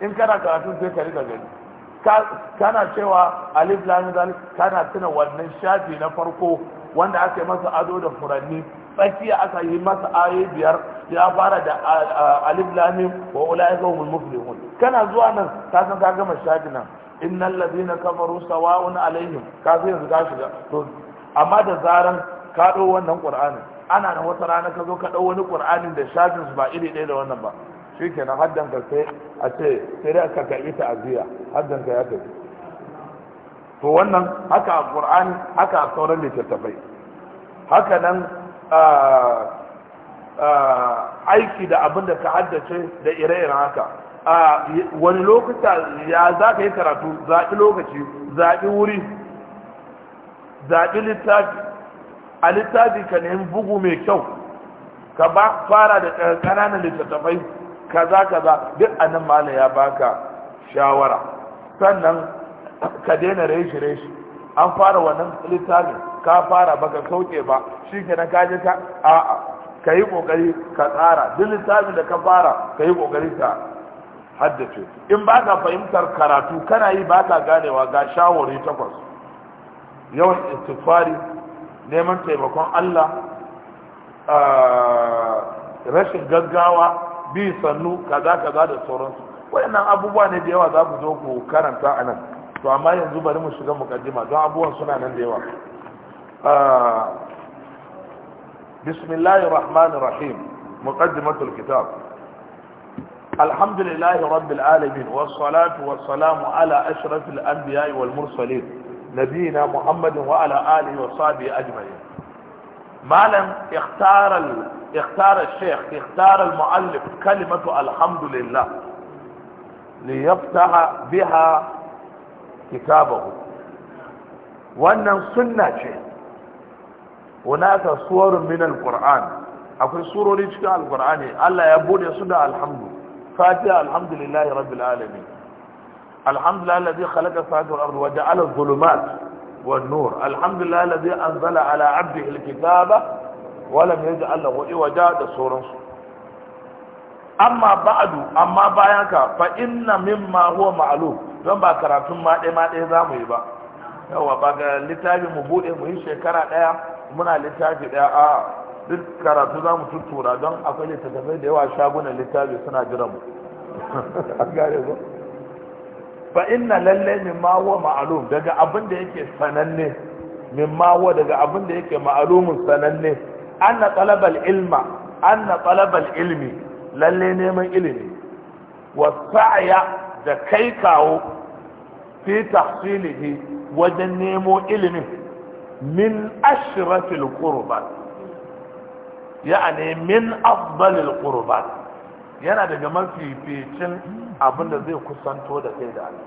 in kana karatu sai ka riga gani kana cewa alif lam dal kana tuna wannan shafi na farko wanda aka yi masa ado da furanni tsakiya aka yi masa ayoyi biyar ya fara da alif lam wa ulai zaumul muflihun kana zuwa nan ka san ka gama shafi nan innal ladina kafaru sawa'un alaihim ka sai yanzu ka shiga to amma da zaran ka ɗau wannan qur'anin ana nan wata rana ka zo ka ɗau wani qur'anin da shafin su ba iri ɗaya da wannan ba shikenan haddan ka sai a ce sai dai ka karbi ta'aziyya haddan ka ya tafi to wannan haka a qur'ani haka a sauran littattafai haka nan aiki da abin da ka haddace da ire-iren haka a wani lokuta ya za ka yi karatu zaɓi lokaci zaɓi wuri zaɓi littafi a littafi ka nemi bugu mai kyau ka ba fara da ƙananan littattafai kaza kaza duk anan malam ya baka shawara sannan ka daina reshi reshi an fara wannan littafin ka fara baka sauke ba shi kenan na kaji ka a'a ka yi kokari ka tsara duk littafin da ka fara ka yi kokari ka haddace in ba ka fahimtar karatu kana yi ba ka ganewa ga shawari takwas yawan istighfari neman taimakon Allah rashin gaggawa bi sannu kaza kaza da sauransu waɗannan abubuwa ne da yawa za ku zo ku karanta a nan to amma yanzu bari mu shiga mukaddima don abubuwan suna nan da yawa bismillahir rahmanir rahim muqaddimatul kitab الحمد لله رب العالمين والصلاة والسلام على أشرف الأنبياء والمرسلين نبينا محمد وعلى آله وصحبه أجمعين ما لم اختار ال... اختار الشيخ اختار المؤلف كلمة الحمد لله ليفتح بها كتابه وأن سنة شيء هناك صور من القرآن أقول صور رجل القرآن الله يبوني سنة الحمد لله fatiha alhamdulillahi rabbil alamin alhamdulillahi alladhi khalaqa samawati wal ardi wa ja'ala adh nur alhamdulillahi alladhi anzala ala 'abdihi al-kitaba wa lam yaj'al lahu iwaja da sauransu amma ba'du amma bayan ka fa inna mimma don ba karatun ma ɗaya ma ɗaya zamu yi ba yawa ba ga littafi mu bude mu yi shekara ɗaya muna littafi ɗaya a duk karatu za mu tuttura don akwai littattafai da yawa shagunan littafi suna jiran mu a ba fa inna lalle min ma huwa ma'lum daga abin da yake sananne min ma huwa daga abin da yake ma'lumun sananne anna talabal ilma anna talabal ilmi lalle neman ilimi wa sa'ya da kai kawo fi tahsilihi wajen nemo ilimin min ashratil qurbat yana min afdalil qurbat yana daga mafi abin abinda zai kusanto da kai da Allah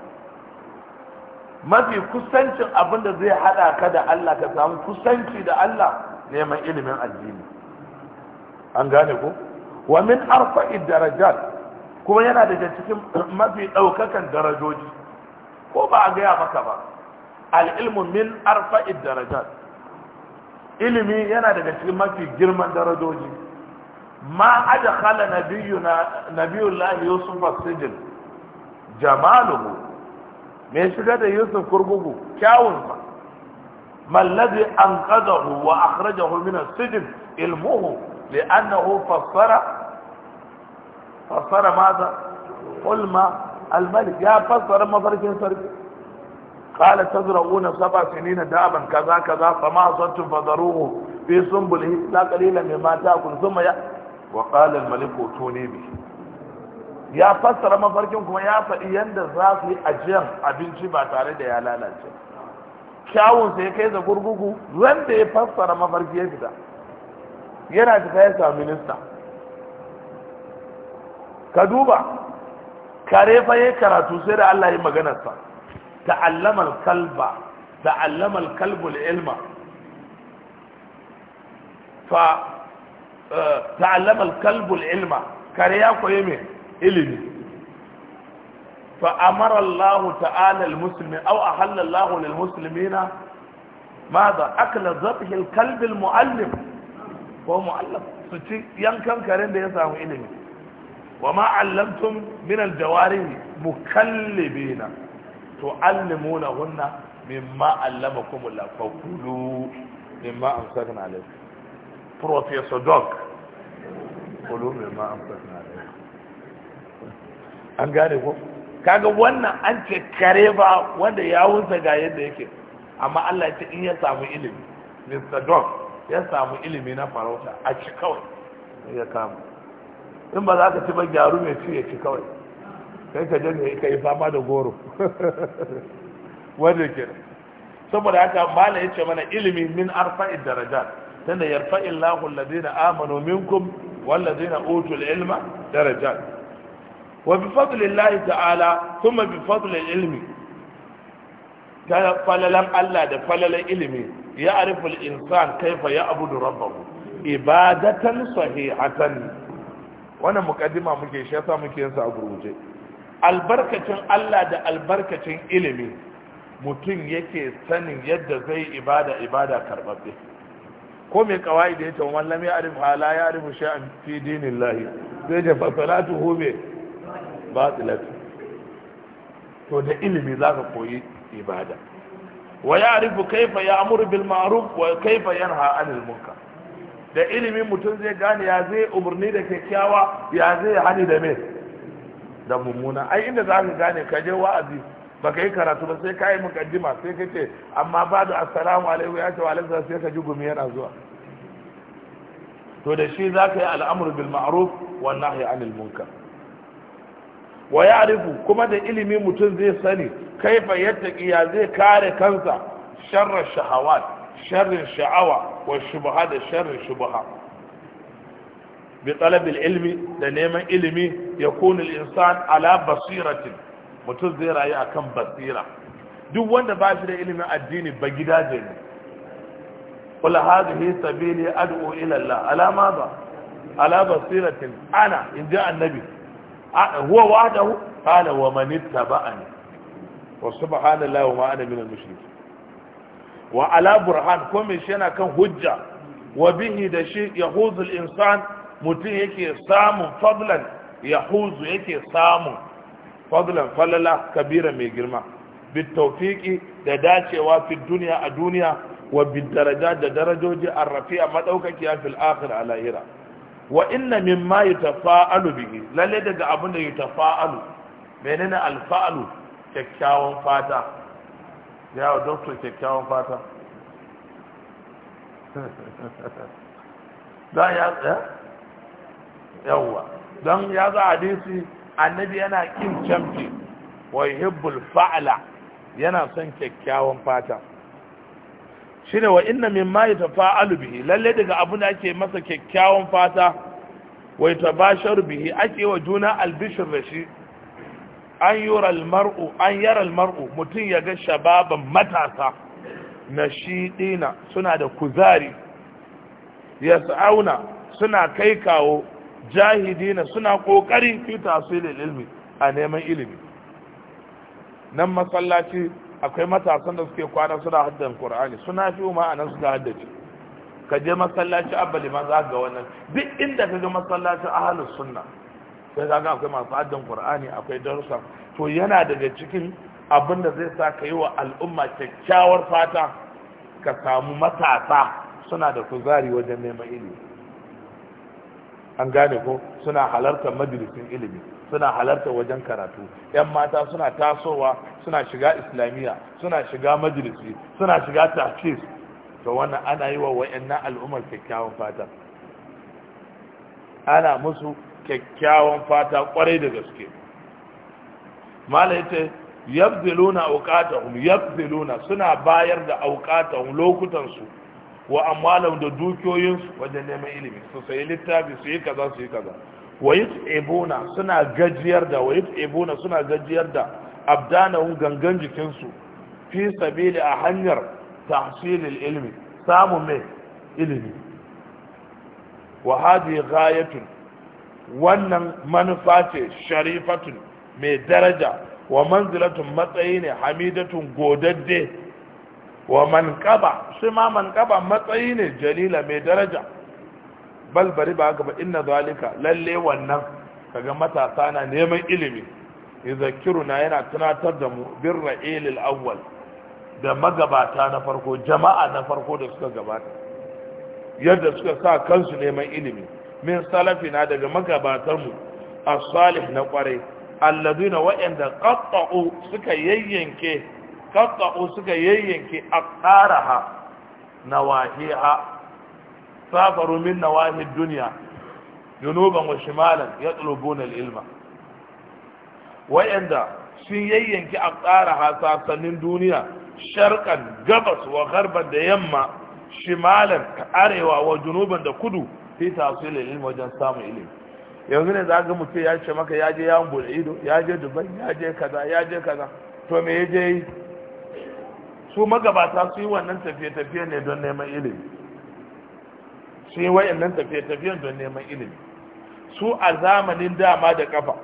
mafi kusancin abinda zai hada ka da Allah ka samu kusanci da Allah neman ilimin addini an gane ko wa min arfa'id darajat kuma yana daga cikin mafi daukakan darajoji ko ba a gaya maka ba al ilmu min arfa'id darajat ilimi yana daga cikin mafi girman darajoji ma aja adkhala nabiyuna nabiyullahi yusuf as jamaluhu me shiga da yusuf kurgugu kyawun sa mallazi anqadahu wa akhrajahu min as-sijn ilmuhu li'annahu fassara fassara ماذا قل ما الملك يا فسر مصرفين سرقين قال تزرعون سبع سنين دابا كذا كذا فما أصبتم فذروه في سنبله لا قليلا مما تأكل ثم يأ وقال الملك اتوني به ya fassara mafarkin kuma ya faɗi yadda za su yi ajiyar abinci ba tare da ya lalace kyawunsa ya kai da gurgugu wanda ya fassara mafarki ya fita yana fita ya samu minista ka duba kare fa ya karatu sai da allah yi maganarsa ta'allama al-kalba ta'allama al-kalbu al-ilma fa ta'allama al-kalbu al-ilma kare ya koyi ilimi fa ماذا أكل ذبح الكلب المعلم هو معلم ينكم وما علمتم من الجوارح مكلبين to allimuna hunna mimma allamakum la faqulu mimma amsakna alayh professor doc kulu mimma amsakna alayh an gane ko kaga wannan an ce kare ba wanda ya wunsa ga yadda yake amma Allah ya ce in ya samu ilimi Mr. Doc ya samu ilimi na farauta a ci kawai ya kama in ba za ka ci ba gyaru mai ci ya ci kawai kai ka je ka yi fama da goro wanda ke saboda haka mala ce mana ilimi min arfa'in darajat tana yarfa'in lahu alladhina amanu minkum walladhina utul ilma darajat wa bi fadlillahi ta'ala thumma bi fadlil ilimi ta falalan Allah da falalan ilimi ya ariful insan kaifa ya abu abudu rabbahu ibadatan sahihatan wannan mukaddima muke shi yasa muke yin sa a gurguje albarkacin Allah da albarkacin ilimi mutum yake sanin yadda zai ibada ibada karbabbe ko mai kawai da yake man lam ya'rif hala ya'rifu sha'an fi dinillahi zai je fa salatuhu bi batilat to da ilimi zaka koyi ibada wa ya'rifu kaifa ya'muru bil ma'ruf wa kaifa yanha 'anil munkar da ilimi mutum zai gane ya zai umurni da kyakkyawa ya zai hani da mai da mummuna ai inda za ka gane ka je wa'azi ba ka yi karatu ba sai ka yi mukaddima sai ka ce amma ba da assalamu alaikum ya ce wa alaikum sai ka ji gumi yana zuwa to da shi za ka yi al'amur bil ma'ruf wa nahyi anil munkar wa ya'rifu kuma da ilimi mutum zai sani kaifa yattaqi ya zai kare kansa sharra shahawat sharrin sha'awa wa shubha da sharrin shubha bi talabil ilmi da neman ilimi ya kunu insan ala basiratin mutum zai rayu akan basira duk wanda ba shi da ilimin addini ba gidaje ne qul hadhihi sabili ad'u ila Allah ala ma ba ala basiratin ana in ja annabi huwa wahdahu qala wa man ittaba'ani wa subhanallahi wa ana minal mushrikin wa ala burhan shi yana kan hujja wa da shi yahuzul insan mutum yake samun fadlan ya huzu yake samun fadlan falala kabira mai girma taufiki da dacewa fi duniya a duniya wa daraja da darajoji a maɗaukaki a fil akhir a lahira wa inna mimma yatafa'alu bihi lalle daga abin da fa'alu. menene alfa'alu kyakkyawan fata ya wa doctor kyakkyawan fata da ya yawwa don ya zo hadisi annabi yana kin camfi wa yuhibbul fa'ala yana son kyakkyawan fata shine wa inna mimma yatafa'alu bihi lalle daga abun da ake masa kyakkyawan fata wa yatabasharu bihi ake wa juna albishr da shi an yura almar'u an yara almar'u mutun ga shababan matasa nashidina suna da kuzari yas'auna suna kai kawo jahidina suna kokari fi tasirin ilmi a neman ilimi nan masallaci akwai matasan da suke kwana suna haddan qur'ani suna fi ma nan suka haddace ka je masallaci abali ma za ga wannan duk inda ka ga masallacin ahlus sunna sai ka ga akwai masu haddan qur'ani akwai darussa to yana daga cikin abin da zai sa ka yi wa al'umma kyakkyawar fata ka samu matasa suna da kuzari wajen neman ilimi an gane ko suna halartar majalisin ilimi suna halartar wajen karatu yan mata suna tasowa suna shiga islamiyya suna shiga majalisi suna shiga tafis to wannan ana yi wa wayannan al'ummar kyakkyawan fata ana musu kyakkyawan fata kwarai da gaske malaita ce yabdiluna auqatahum yabdiluna suna bayar da auqatahum lokutan su wa amwalam da dukiyoyinsu wajen neman ilimi su sayi littafi su yi kaza su yi kaza wa yut'ibuna suna gajiyar da wa yut'ibuna suna gajiyar da abdanahum gangan jikinsu fi sabili a hanyar tahsilil ilmi samun mai ilimi wa hadi ghayatun wannan manufa ce sharifatun mai daraja wa manzilatun matsayi ne hamidatun godadde wa man kaba shi ma man kaba matsayi ne jalila mai daraja bal bari ba gaba inna zalika lalle wannan kaga matasa na neman ilimi zakiru na yana tunatar da mu bin ra'ilil awwal da magabata na farko jama'a na farko da suka gabata yadda suka sa kansu neman ilimi min salafi na daga mu as-salih na kwarai alladuna wa'anda qatta'u suka yayyanke qaqqa'u suka yayyanke aqaraha nawahiha safaru min nawahi dunya junuban wa shimalan yatlubuna al-ilma waɗanda sun yayyanki ha sassanin duniya sharqan gabas wa gharban da yamma shimalan arewa wa junuban da kudu fi tasiri al-ilm wajen samun ilimi yanzu ne za ga mutum ya ce maka ya je yawon bude ido ya je dubai ya je kaza ya je kaza to me ya je yi su magabata su yi wannan tafiye-tafiye ne don neman ilimi su yi tafiye tafiye don neman ilimi su a zamanin dama da kafa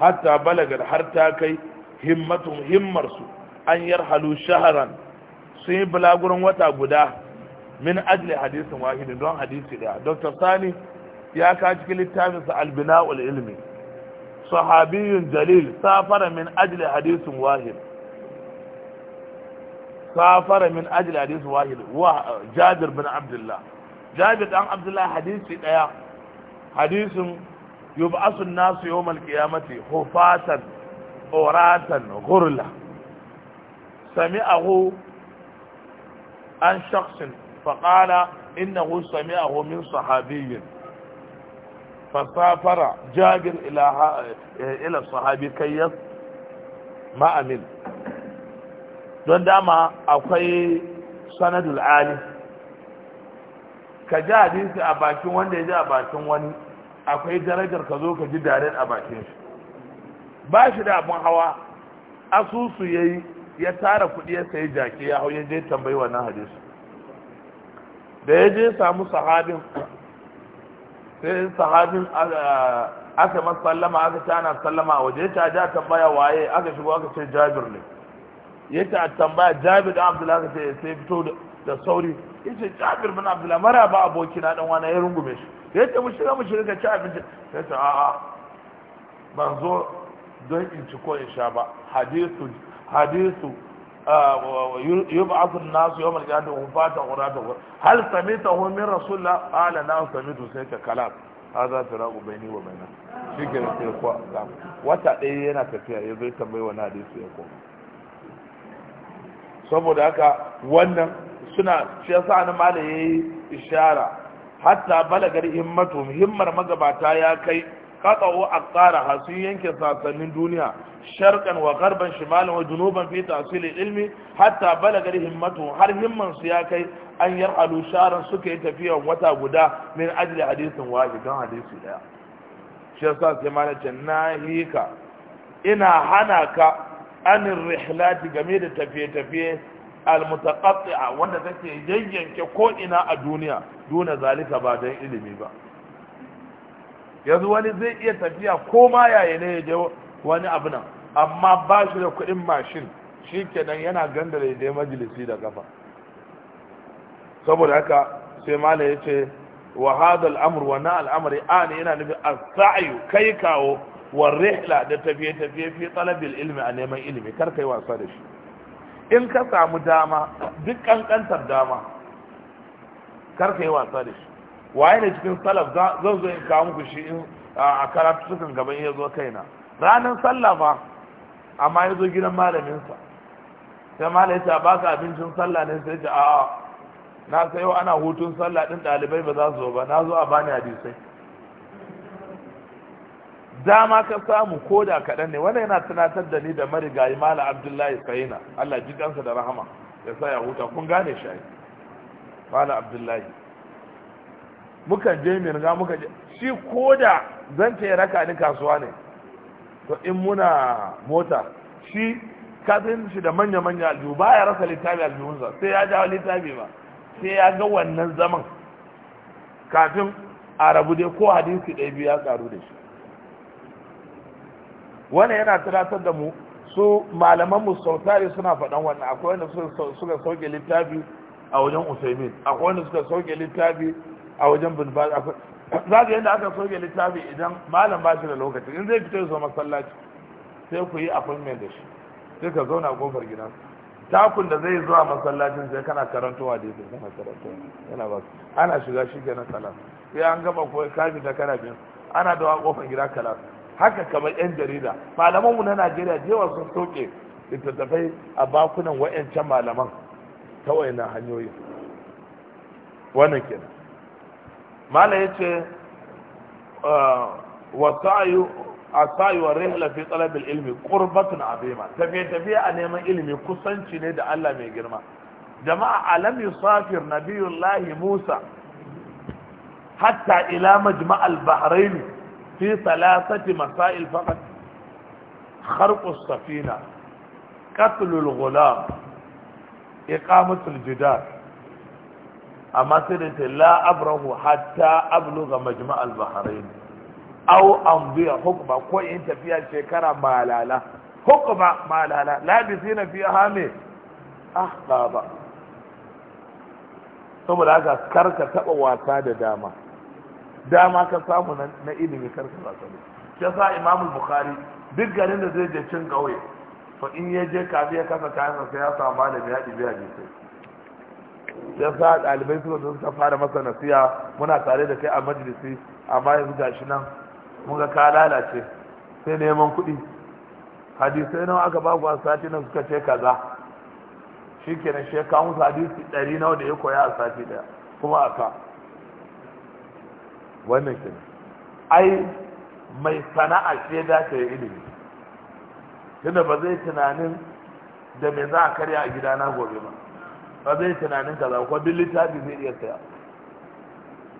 hatta balagar har ta kai himmatun himmarsu an halu shaharan sun yi bulagurin wata guda min ajli hadisin wahidin don hadisi daya dr sani ya ka cikin littafinsa albina'ul ilmi sahabiyun jalil safara min ajli hadisin wahid سافر من أجل حديث واحد وجابر بن عبد الله جابر بن عبد الله حديث في إيه؟ حديث يبعث الناس يوم القيامة خفاة أوراتا غرلا سمعه عن شخص فقال إنه سمعه من صحابي فسافر جابر إلى إلى الصحابي كي ما أمن don dama akwai sanadul ali ka ji hadisi a bakin wanda ya ji a bakin wani akwai darajar ka zo ka ji darin a bakin shi ba shi da abin hawa asusu ya yi ya tara kudi ya sayi jaki ya hau ya je tambayi wannan hadisi da ya je samu sahabin sai sahabin ah, aka sallama aka tana sallama waje ta ja tambaya waye aka shigo aka ce jabir ne yace a tambaya Jabir da Abdullahi ce sai fito da sauri ce Jabir bin Abdullahi maraba aboki na dan wani ya rungume shi ce mu shiga mu shiga ci abinci ce a a ban zo don in ci ko in sha ba hadisu hadisu uh, yub'athu an-nasu yawm fata kura da kura hal samitahu min rasulillah qala sami samitu sai ka ta haza bai ni wa na shi ke da sai kwa wata ɗaya yana tafiya ya zai tambayi wani hadisu ya koma saboda haka wannan suna shi na nan ya yi ishara hatta balagar himmatu himmar magabata ya kai a tsara hasun yanke sasannin duniya sharkan wa gharban shimalan wa junuban fi tahsil ilmi hatta balagar himmatu har himman su ya kai an yar'alu sharan suka yi tafiya wata guda min ajli hadisin wahid don hadisi daya shi sa sai mala ce nahika ina hana ka anin rihlati game da tafiye-tafiye almutaqatti'a wanda take yayyanke ko ina a duniya duna zalika ba dan ilimi ba yanzu wani zai iya tafiya ko ma yaya ne ya je wani abu nan amma ba shi da kuɗin mashin shi kenan yana ganda da majalisi da kafa saboda haka sai malai ya ce wa hadal al-amr wa na al-amri an yana nufin as-sa'yu kai kawo warrihla da tafiye-tafiye fi talabil ilmi a neman ilimi kar kai wasa da shi in ka samu dama duk kankantar dama kar kai wasa da shi waye ne cikin salaf zan zo in kawo muku shi in a karatu sukan gaban ya zo kaina ranar sallah ba amma ya zo gidan malaminsa sai malai ta ka abincin sallah ne sai ta a'a na sayo ana hutun sallah din ɗalibai ba za su zo ba na zo a bani hadisai dama ka samu ko da kaɗan ne wannan yana tunatar da ni da marigayi mala abdullahi sayina allah ji kansa da rahama ya sa ya huta kun gane shi mala abdullahi muka je mai riga muka je shi ko da zan ta ya raka ni kasuwa ne to in muna mota shi kafin shi da manya-manya aljihu ba ya rasa littafi aljihunsa sai ya jawo littafi ba sai ya ga wannan zaman kafin a rabu dai ko hadisi ɗaya biyu ya karu da shi wannan yana tunatar da mu su malaman mu sautari suna faɗan wannan akwai wanda suka sauke littafi a wajen usaimin akwai wanda suka sauke littafi a wajen bin za ka yadda aka sauke littafi idan malam ba shi da lokaci in zai fito zuwa masallaci sai ku yi appointment da shi sai ka zauna a kofar gidan takun da zai zuwa masallacin sai kana karantowa da yake kana karantowa yana ba ana shiga shi kenan salat sai an gaba ko kafi ta kana bin ana da kofar gida kalas haka kamar yan jarida malamanmu na najeriya jewa sun soke littattafai a bakunan wa'yancan malaman ta wayannan hanyoyi wannan kenan mala ya ce asayi ah, wa rihla fi talabil ilmi qurbatun abema tafiye tafiye a neman ilimi kusanci ne da Allah mai girma jama'a alam yusafir nabiyullahi Musa hatta ila majma'al bahraini. fi salasati masail faqat kharqu safina qatlu al-ghulam iqamatu al-jidar amma sai da ce la al-bahrain aw ko in tafiya shekara malala hukma malala labisina fiha me ahqaba saboda haka karka taba wasa da dama dama ka samu na ilimi karka ba da shi sa imamul bukhari duk garin da zai je cin gawe fa in ya je kafi ya kasa kayan sa ya samu malami ya ɗibi a sa yasa ɗalibai suka zo suka fara masa nasiya muna tare da kai a majalisi amma yanzu gashi nan mun ga ka lalace sai neman kuɗi hadisai nawa aka ba ku sati nan suka ce kaza shi shikenan shekaru hadisi ɗari nawa da ya koya a sati ɗaya kuma a ka wannan ke ai mai sana'a ce da ta yi ilimi tunda ba zai tunanin da me za a karya a gida na gobe ba ba zai tunanin kaza ko duk littafi zai iya saya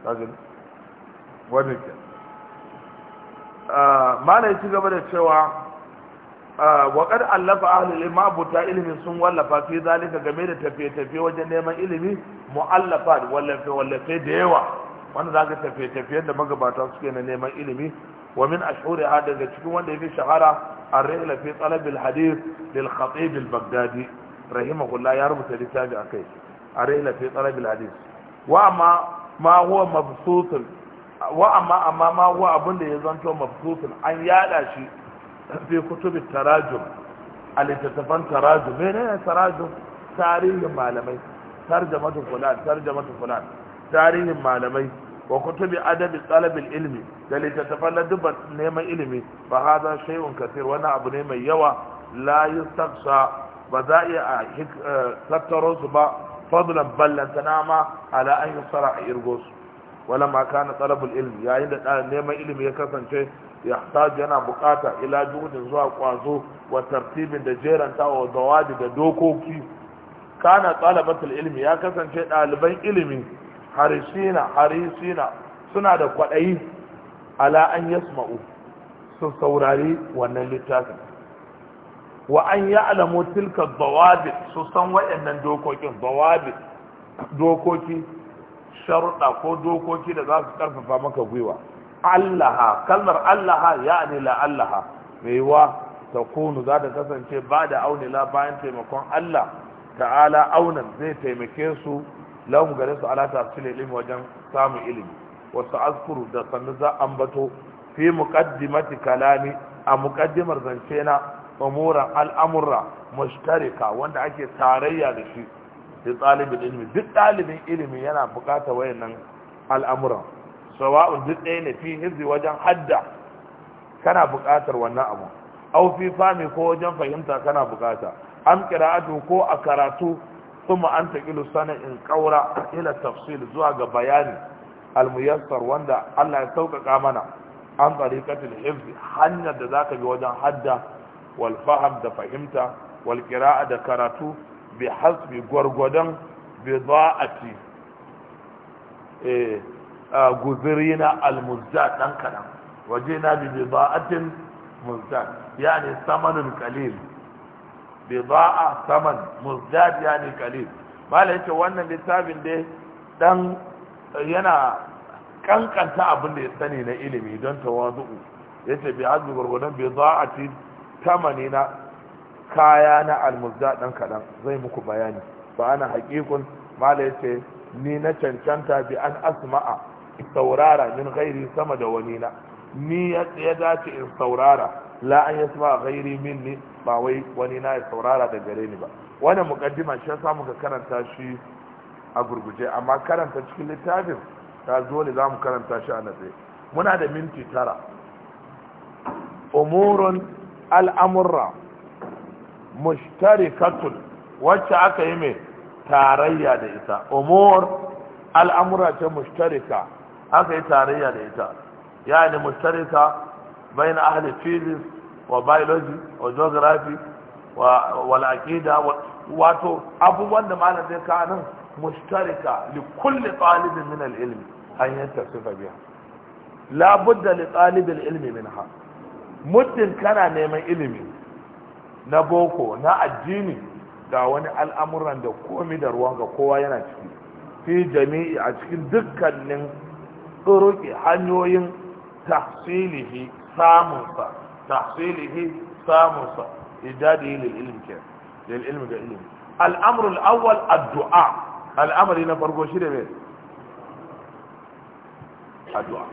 kagin wannan ke ah, mana ya ci gaba da cewa ah, waƙar allafa ahalul ma buta ilimi sun wallafa fi zalika game da tafiye-tafiye wajen neman ilimi mu'allafa wallafe-wallafe da yawa wanda za ka tafiye-tafiyen da magabatan suke na neman ilimi wa min ashuri ha daga cikin wanda ya fi shahara an rihla fi talabil hadith lil khatib al baghdadi rahimahullah ya rubuta littafi akai an rihla fi talabil hadith wa amma ma huwa mabsutun wa amma amma ma huwa abin da ya zanto mabsutun an yada shi fi kutubi tarajum a littattafan tarajum menene tarajum tarihin malamai tarjamatu fulan tarjamatu fulan tarihin malamai wa kutubi adabi talabil ilmi da littattafan dubban neman ilimi fa hadha shay'un kathir wani abu ne mai yawa la yustaqsa ba za a iya tattaro su ba fadlan ballantana ma ala an tsara a irgo su wala ma kana talabul ilmi yayin da neman ilimi ya kasance yahtaju yana bukata ila juhudin zuwa kwazo wa tartibin da jeranta wa zawadi da dokoki kana talabatul ilmi ya kasance ɗaliban ilimi harisina harisina suna da kwaɗayi ala an yasma'u su saurari wannan littafin wa an ya'lamu tilka dawabit su san waɗannan dokokin dawabit dokoki sharuɗa ko dokoki da za su karfafa maka gwiwa allaha kalmar allaha ya'ni la allaha mai wa ta kunu za ta kasance ba da aunila bayan taimakon allah ta'ala aunan zai taimake su lahum gare su ala tafsil ilmi wajen samun ilimi wasu azkuru da sannu za ambato fi muqaddimati kalami a muqaddimar zance na umuran al'amurra mushtarika wanda ake tarayya da shi da ɗalibin ilimi duk ɗalibin ilimi yana bukata wayannan al'amuran sawa'un duk ɗaya ne fi hizbi wajen hadda kana bukatar wannan abu au fi fami ko wajen fahimta kana bukata am qira'atu ko a karatu ثم أنت إلى سنة إن قورا إلى التفصيل زواج بياني الميسر واندا الله يتوقع قامنا عن طريقة الحفظ حنة ذاك بوجه حدة والفهم ده فهمته والقراءة ده كراتو بحسب غرغدان بضاعتي إيه guzirina almuzdad dan kadan wajena bi bida'atin muzdad yani samanun qalil a saman muzdad yani qalil bala yake wannan littafin dai dan yana kankanta abin da ya sani na ilimi don tawazu'u yace bi azmi gurgudan bida'ati tamanina kaya na almuzdad dan kadan zai muku bayani ba ana haqiqun malai yace ni na cancanta bi an asma'a saurara min ghairi sama da wani na ni ya dace in saurara la an yasma ghairi minni ba wai wani na ya saurara da gare ni ba wannan mukaddima shi ya samu ka karanta shi a gurguje amma karanta cikin littafin ta ne za mu karanta shi a natsaye muna da minti tara umurun al'amurra katul wacce aka yi mai tarayya da ita umur al'amurra ce mushtarika aka yi tarayya da ita ya yani mushtarika bayan ahli physics wa biology wa geography wa wal'aqida wato abubuwan da malam zai ka nan mushtarika li kulli talibin min al-ilmi an yattasifa biha la budda li talib al-ilmi minha muddin kana neman ilimi na boko na addini ga wani al'amuran da komi da ruwan ga kowa yana ciki fi jami'i a cikin dukkanin tsuruki hanyoyin samun samunsa tahsilihi samunsa ijadihi lil ilmi ke lil ilmi awwal addu'a al'amari na farko shi da me addu'a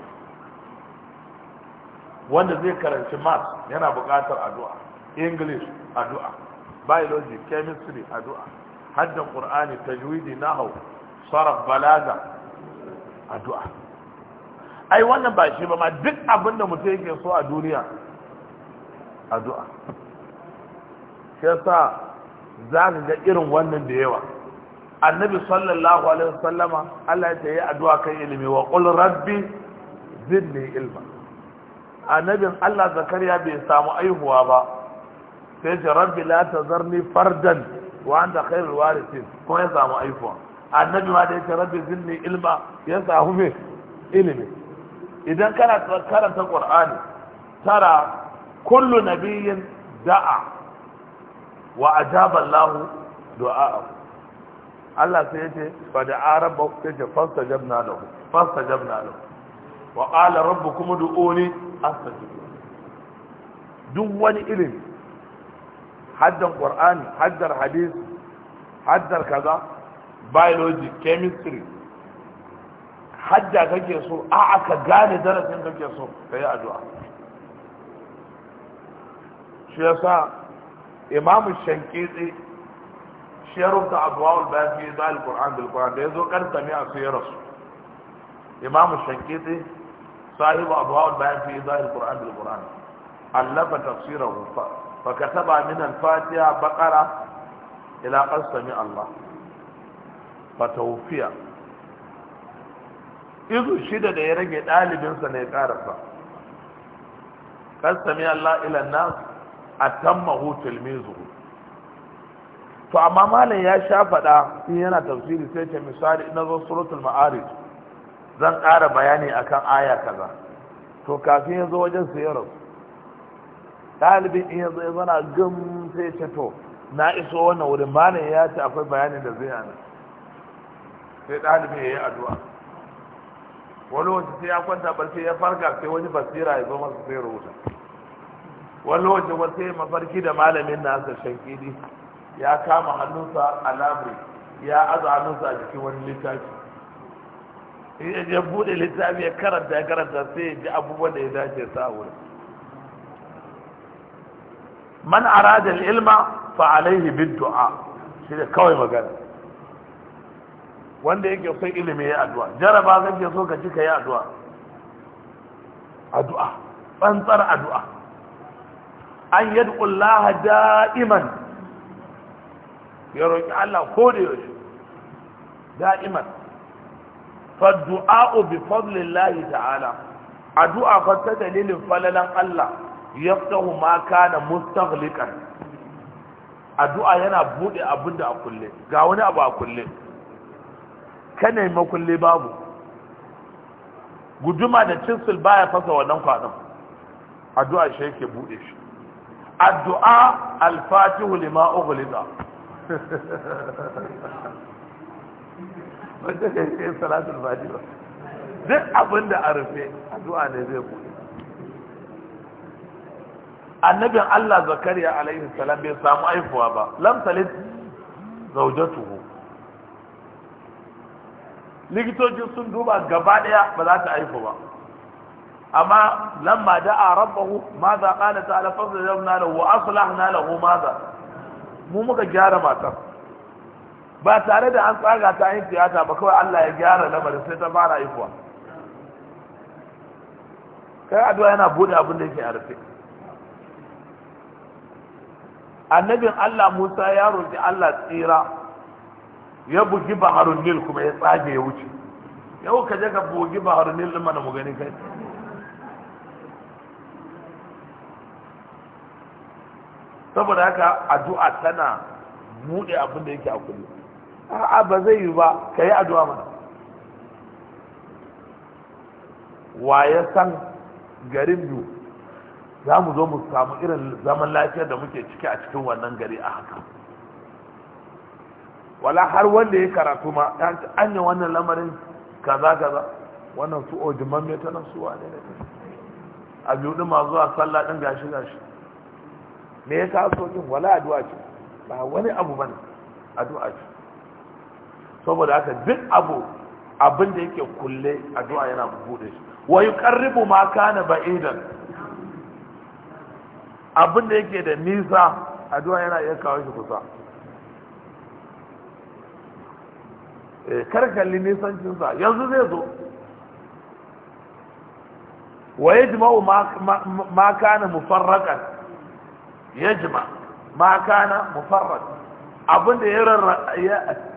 wanda zai karanci math yana bukatar adu'a. english addu'a biology chemistry addu'a haddan qur'ani tajwidi nahwu balaga addu'a ai wannan ba shi ba ma duk abinda da so a duniya addu'a shi yasa za ka ga irin wannan da yawa annabi sallallahu alaihi wasallama Allah ya yi addu'a kan ilimi wa qul rabbi zidni ilma annabin Allah zakariya bai samu aihuwa ba sai ce rabbi la tazarni fardan wa anta khairul warithin kuma ya samu aihuwa annabi ma da ya ce rabbi zidni ilma ya samu me ilimi idan kana karanta qur'ani tara kullu nabiyyin da'a wa ajaba Allah du'a'ahu Allah sai yace fa da'a rabbahu yace fastajabna lahu fastajabna lahu wa qala rabbukum ud'uni astajib duk wani ilimi haddan qur'ani haddar hadisi haddar kaza biology chemistry hadda kake so a'a ka gane darasin kake so addu'a shi yasa imam shankiti shi ya rubuta adwaul bayan fi zal qur'an bil qur'an da yazo kan sami'a sai ya rasu imam shankiti sahibu adwaul bayan fi zal qur'an bil qur'an allafa tafsirahu fa kataba min al fatiha baqara ila qad sami'a allah fa tawfiya izu shida da ya rage ɗalibinsa ne karasa. kan sami Allah ilan nasu mai tilmizuhu to amma malam ya sha faɗa in yana tafsiri sai ce misali ina zo suratul ma'arij zan ƙara bayani akan aya kaza to kafin ya zo wajen sayarar ɗalibin in ya zo ya zana gam sai ce to na iso wannan wurin malam ya ce akwai bayani da zai yana sai ɗalibin ya yi addu'a wani wacce sai ya kwanta barci ya farka sai wani basira ya zo masa sai rahoton wani wajen wasu yi mafarki da malamin nasa shankidi ya kama hannunsa a labri ya aza hannunsa a jikin wani littafi ya bude littafi ya karanta ya karanta sai ya ji abubuwan da ya dace sa wuri. man arada ilma fa alaihi bid du'a shi da kawai magana wanda yake son ilimi ya addu'a jaraba kake so ka ci ka yi addu'a addu'a tsantsar addu'a an yad'u Allah da'iman ya roƙi Allah ko da yaushe da'iman fa du'a'u bi fadlillahi ta'ala addu'a fa ta dalilin falalan Allah yaftahu ma kana mustaghliqan addu'a yana buɗe abin da a kulle ga wani abu a kulle kanai makulle kulle babu guduma da cinsul baya fasa wannan kwanan addu'a shi yake bude shi addu'a alfatihu lima ughliqa wanda ke ce salatul fatiha duk abin da a rufe addu'a ne zai buɗe annabin Allah zakariya alaihi salam bai samu aifuwa ba lam talid zaujatuhu likitocin sun duba gaba daya ba za ta aifu ba amma lamma da'a rabbahu maza qala ta'ala fazlna lahu wa aslahna lahu maza mu muka gyara matar ba tare da an tsaga ta yin tiyata ba kawai Allah ya gyara lamarin sai ta fara haihuwa kai addu'a yana bude abin da yake arfe annabin Allah Musa ya roki Allah tsira ya bugi baharun nil kuma ya tsage ya wuce yau ka je ka bugi baharun nil mana mu gani kai saboda haka addu'a tana buɗe abin da yake a kullum a'a ba zai yi ba ka yi addu'a mana wa ya san garin biyu za mu zo mu samu irin zaman lafiyar da muke ciki a cikin wannan gari a haka wala har wanda ya karatu ma an yi wannan lamarin kaza kaza wannan su ojiman mai ta nan su ne a biyu ɗin ma zuwa sallah ɗin gashi gashi me ya kawo saukin wala addu'a ce ba wani abu bane addu'a ce saboda haka duk abu abin da yake kulle addu'a yana bude shi wa yuqarribu ma kana ba'idan abin da yake da nisa addu'a yana iya kawo shi kusa eh, kar kalli nisancin sa yanzu zai zo wa yajma'u ma kana mufarraqan yajma ma kana mufarrad abin da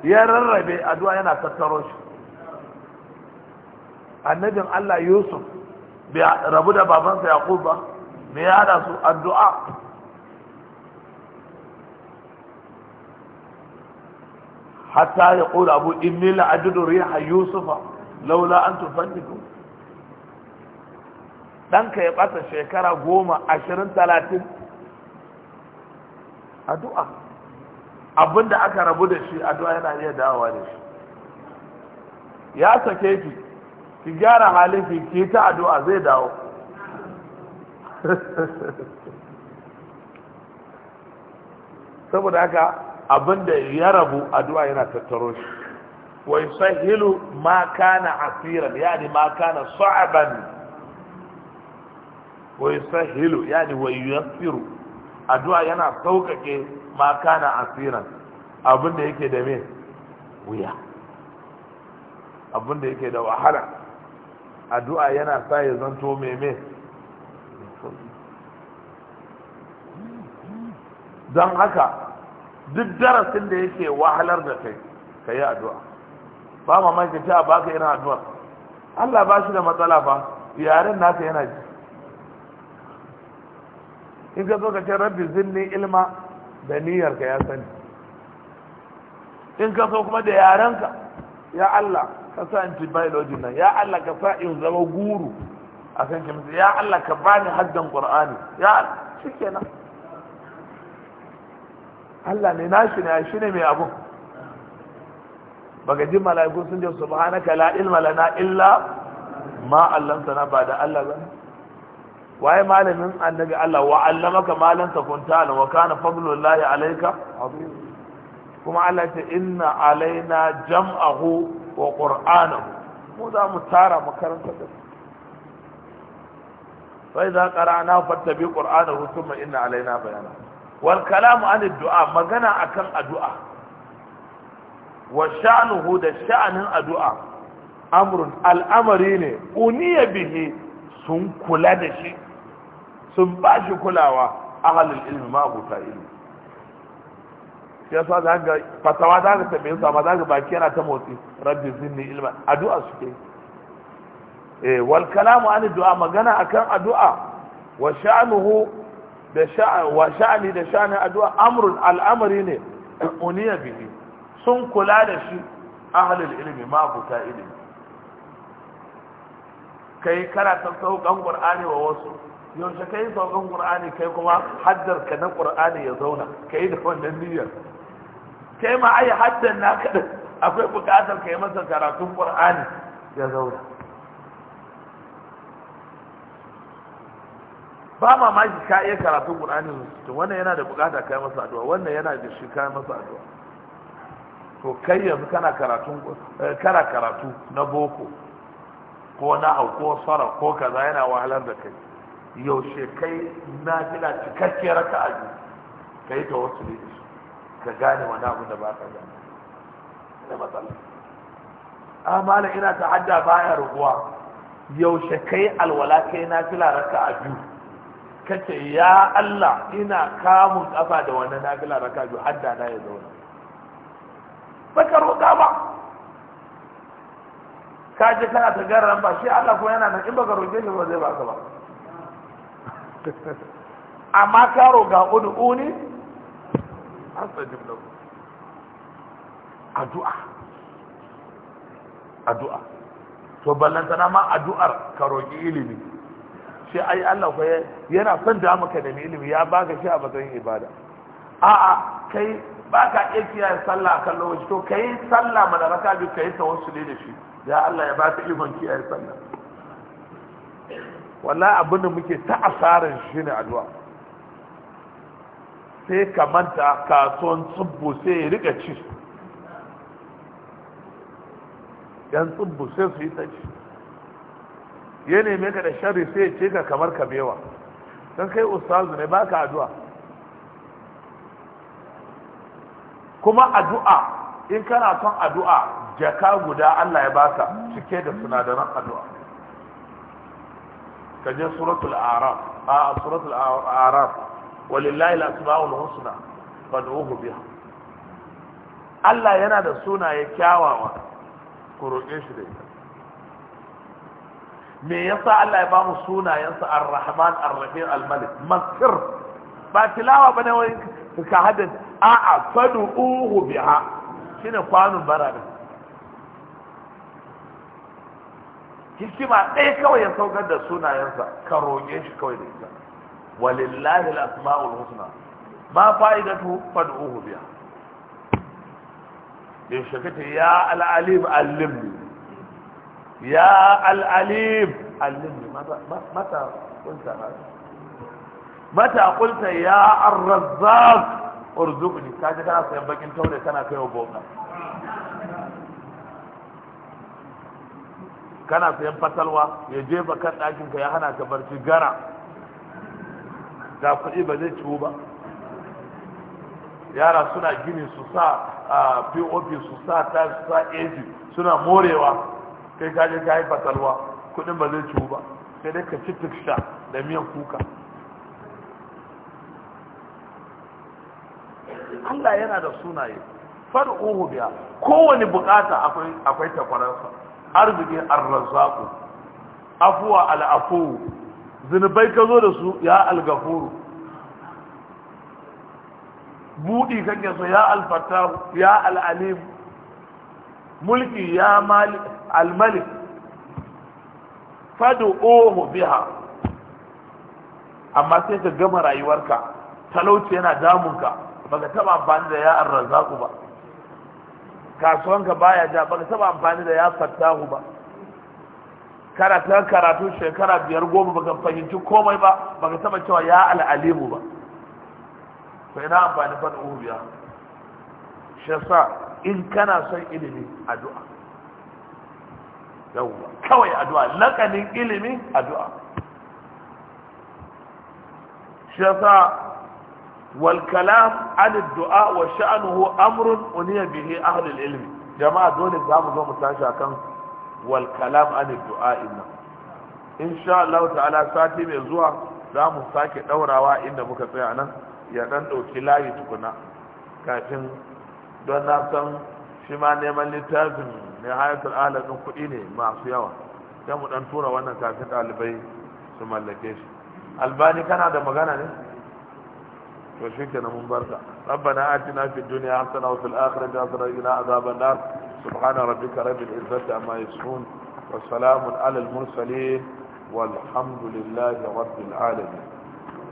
ya rarrabe addu'a yana tattaro shi annabin Allah Yusuf bai rabu da babansa Yaqub ba me ya da su addu'a hatta ya qula abu inni la ajidu riha yusufa laula an Dan danka ya bata shekara goma ashirin talatin addu'a abinda aka rabu da shi addu'a yana iya dawowa da shi ya sake ki ki gyara halin ki ki ta addu'a zai dawo saboda haka abinda ya rabu addu'a yana tattaro shi wa yusahilu ma kana asiran yani ma kana sa'aban wa yusahilu yani wa yusiru addu'a yana sauƙaƙe ma kana asiran abin da yake da me wuya abin da yake da wahala addu'a yana sa ya zanto me me don haka duk darasin da yake wahalar da kai ka yi addu'a ba mamaki ta baka irin addu'a Allah ba shi da matsala ba yaren naka yana ji in ka zo ce rabbi zinni ilma da niyyarka ya sani in ka so kuma da yarenka ya Allah ka sa in ci biology nan ya Allah ka sa in zama guru a kan kimiyya ya Allah ka bani haddan qur'ani ya shikenan Allah ne nashi ne shi ne mai abu, baka ji mala'iku sun ce subhanaka la ilma lana illa ma allamtana ba da Allah bane waye malamin annabi Allah wa allamaka ma lam takun ta'lam wa kana fadlullahi alayka kuma Allah ce inna alaina jam'ahu wa qur'anahu mu za mu tara makaranta da sai za qara'na fattabi qur'anahu thumma inna alaina bayana wal kalamu an du'a magana akan addu'a wa sha'nuhu da sha'anin addu'a amrun al'amari ne uniya bihi sun kula da shi sun ba shi kulawa halin ilmi ma abuta ilmi yasa za ga fatawa za ka tambaye su ma za ga baki yana ta motsi rabbi zinni ilma addu'a suke eh wal kalamu an du'a magana akan addu'a wa sha'nuhu da sha'a wa sha'ni da sha'ni addu'a amrun al'amari ne uniya bihi sun kula da shi ahlul ilmi ma abuta ilmi kai karatun sauƙan qur'ani wa wasu yaushe kai sauƙan qur'ani kai kuma haddar ka na qur'ani ya zauna kai da wannan niyyar kai ma ai haddan naka da akwai bukatar kai masa karatun qur'ani ya zauna ba ma mamaki ka iya karatun qur'ani to wannan yana da bukata kai masa addu'a wannan yana da shi kai masa addu'a to kai yanzu kana karatu eh, kana karatu na boko ko na ko sara ko kaza yana wahalar da kai yaushe kai na fila cikakkiyar raka a biyu ka yi ta wasu shi ka gane wani abu da ba ka gane da matsala amala ina ta hajja baya rubuwa yaushe kai alwala kai na fila raka a biyu ce ya Allah ina kamun kafa da wani na gina raka biyu hadda na ya zauna baka roƙa ba ka je kana ta gara ba shi Allah kuma yana nan in baka roƙe shi ba zai ba ka ba amma ka roƙa ud'uni astajib lakum addu'a addu'a to ballantana ma addu'ar ka roƙi ilimi sai ai Allah ko yana son da maka da ilimi ya baka shi a matsayin ibada a'a kai baka iya kiyaye sallah kan lokaci to kai sallah mana bi biyu kai tawassuli da shi ya Allah ya ba ta ikon kiyaye sallah Wala abin da muke ta asarar shi ne addu'a sai ka manta kasuwan tsubbu sai ya rika ci yan tsubbu sai su yi ta ci ya neme ka da shari sai ya ce ka kamar ka bewa don kai ustazu ne baka addu'a kuma addu'a in kana son addu'a jaka guda Allah ya baka cike da sinadaran addu'a kaje suratul a'raf a suratul a'raf walillahi al-asma'ul husna fad'uhu biha Allah yana da sunaye kyawawa ku roƙe shi da ita me yasa Allah ya ba mu sunayensa ar-rahman ar-rahim al-malik masir ba tilawa bane wai ka hadin a'a fad'uhu biha shine kwanun barada hikima ɗaya kawai ya saukar da sunayensa ka roƙe shi kawai da ita walillahi al-asma'ul husna ma fa'idatu fad'uhu biha ya shakata ya al-alim allimni ya al-alim allimni mata kunta hada mata kunta ya ar-razzaq urzuqni kaje kana sayan bakin taure kana kaiwa boka kana sayan fatalwa ya jefa kan ɗakin ka ya hana ka barci gara da kuɗi ba zai ciwo ba yara suna gini su sa pop su sa ta su sa suna morewa kai ka je ka yi fatalwa kuɗin ba zai ciwo ba sai dai ka ci sha da miyan kuka Allah yana da sunaye uhu biya kowane bukata akwai takwararsa arziki arrazaku afuwa al'afu zunubai ka zo da su ya algafuru buɗi kake so ya alfata ya al'alim mulki ya almalik fado ohu biha amma sai ka gama rayuwarka talauci yana damunka ba ka taba amfani da ya arrazaku ba kasuwanka baya ja ba saba amfani da ya fattahu ba kana ta karatu shekara biyar goma baka fahimci komai ba baka saba cewa ya al'alimu ba ko ina amfani fa ubiya shesa in kana son ilimi addu'a yawwa kawai addu'a lakanin ilimi addu'a shesa Walƙalam anan dua washe anu hu Amrun anibihi ahlil ilmi jama'a dole za mu zo mu tashi akan walƙalam anan dua in insha Allah wata sati mai zuwa za mu sake ɗaurawa inda muka tsaya nan ya nan ɗauki layi tukuna kafin don na san shi ma neman littafin mai ala aladun kudi ne masu yawa sai mu ɗan tura wannan kafin ɗalibai su mallake shi albani kana da magana ne. وشكنا من برقة ربنا آتنا في الدنيا حسنة وفي الآخرة جاثنا إلى عذاب النار سبحان ربك رب العزة عما يسهون وسلام على المرسلين والحمد لله رب العالمين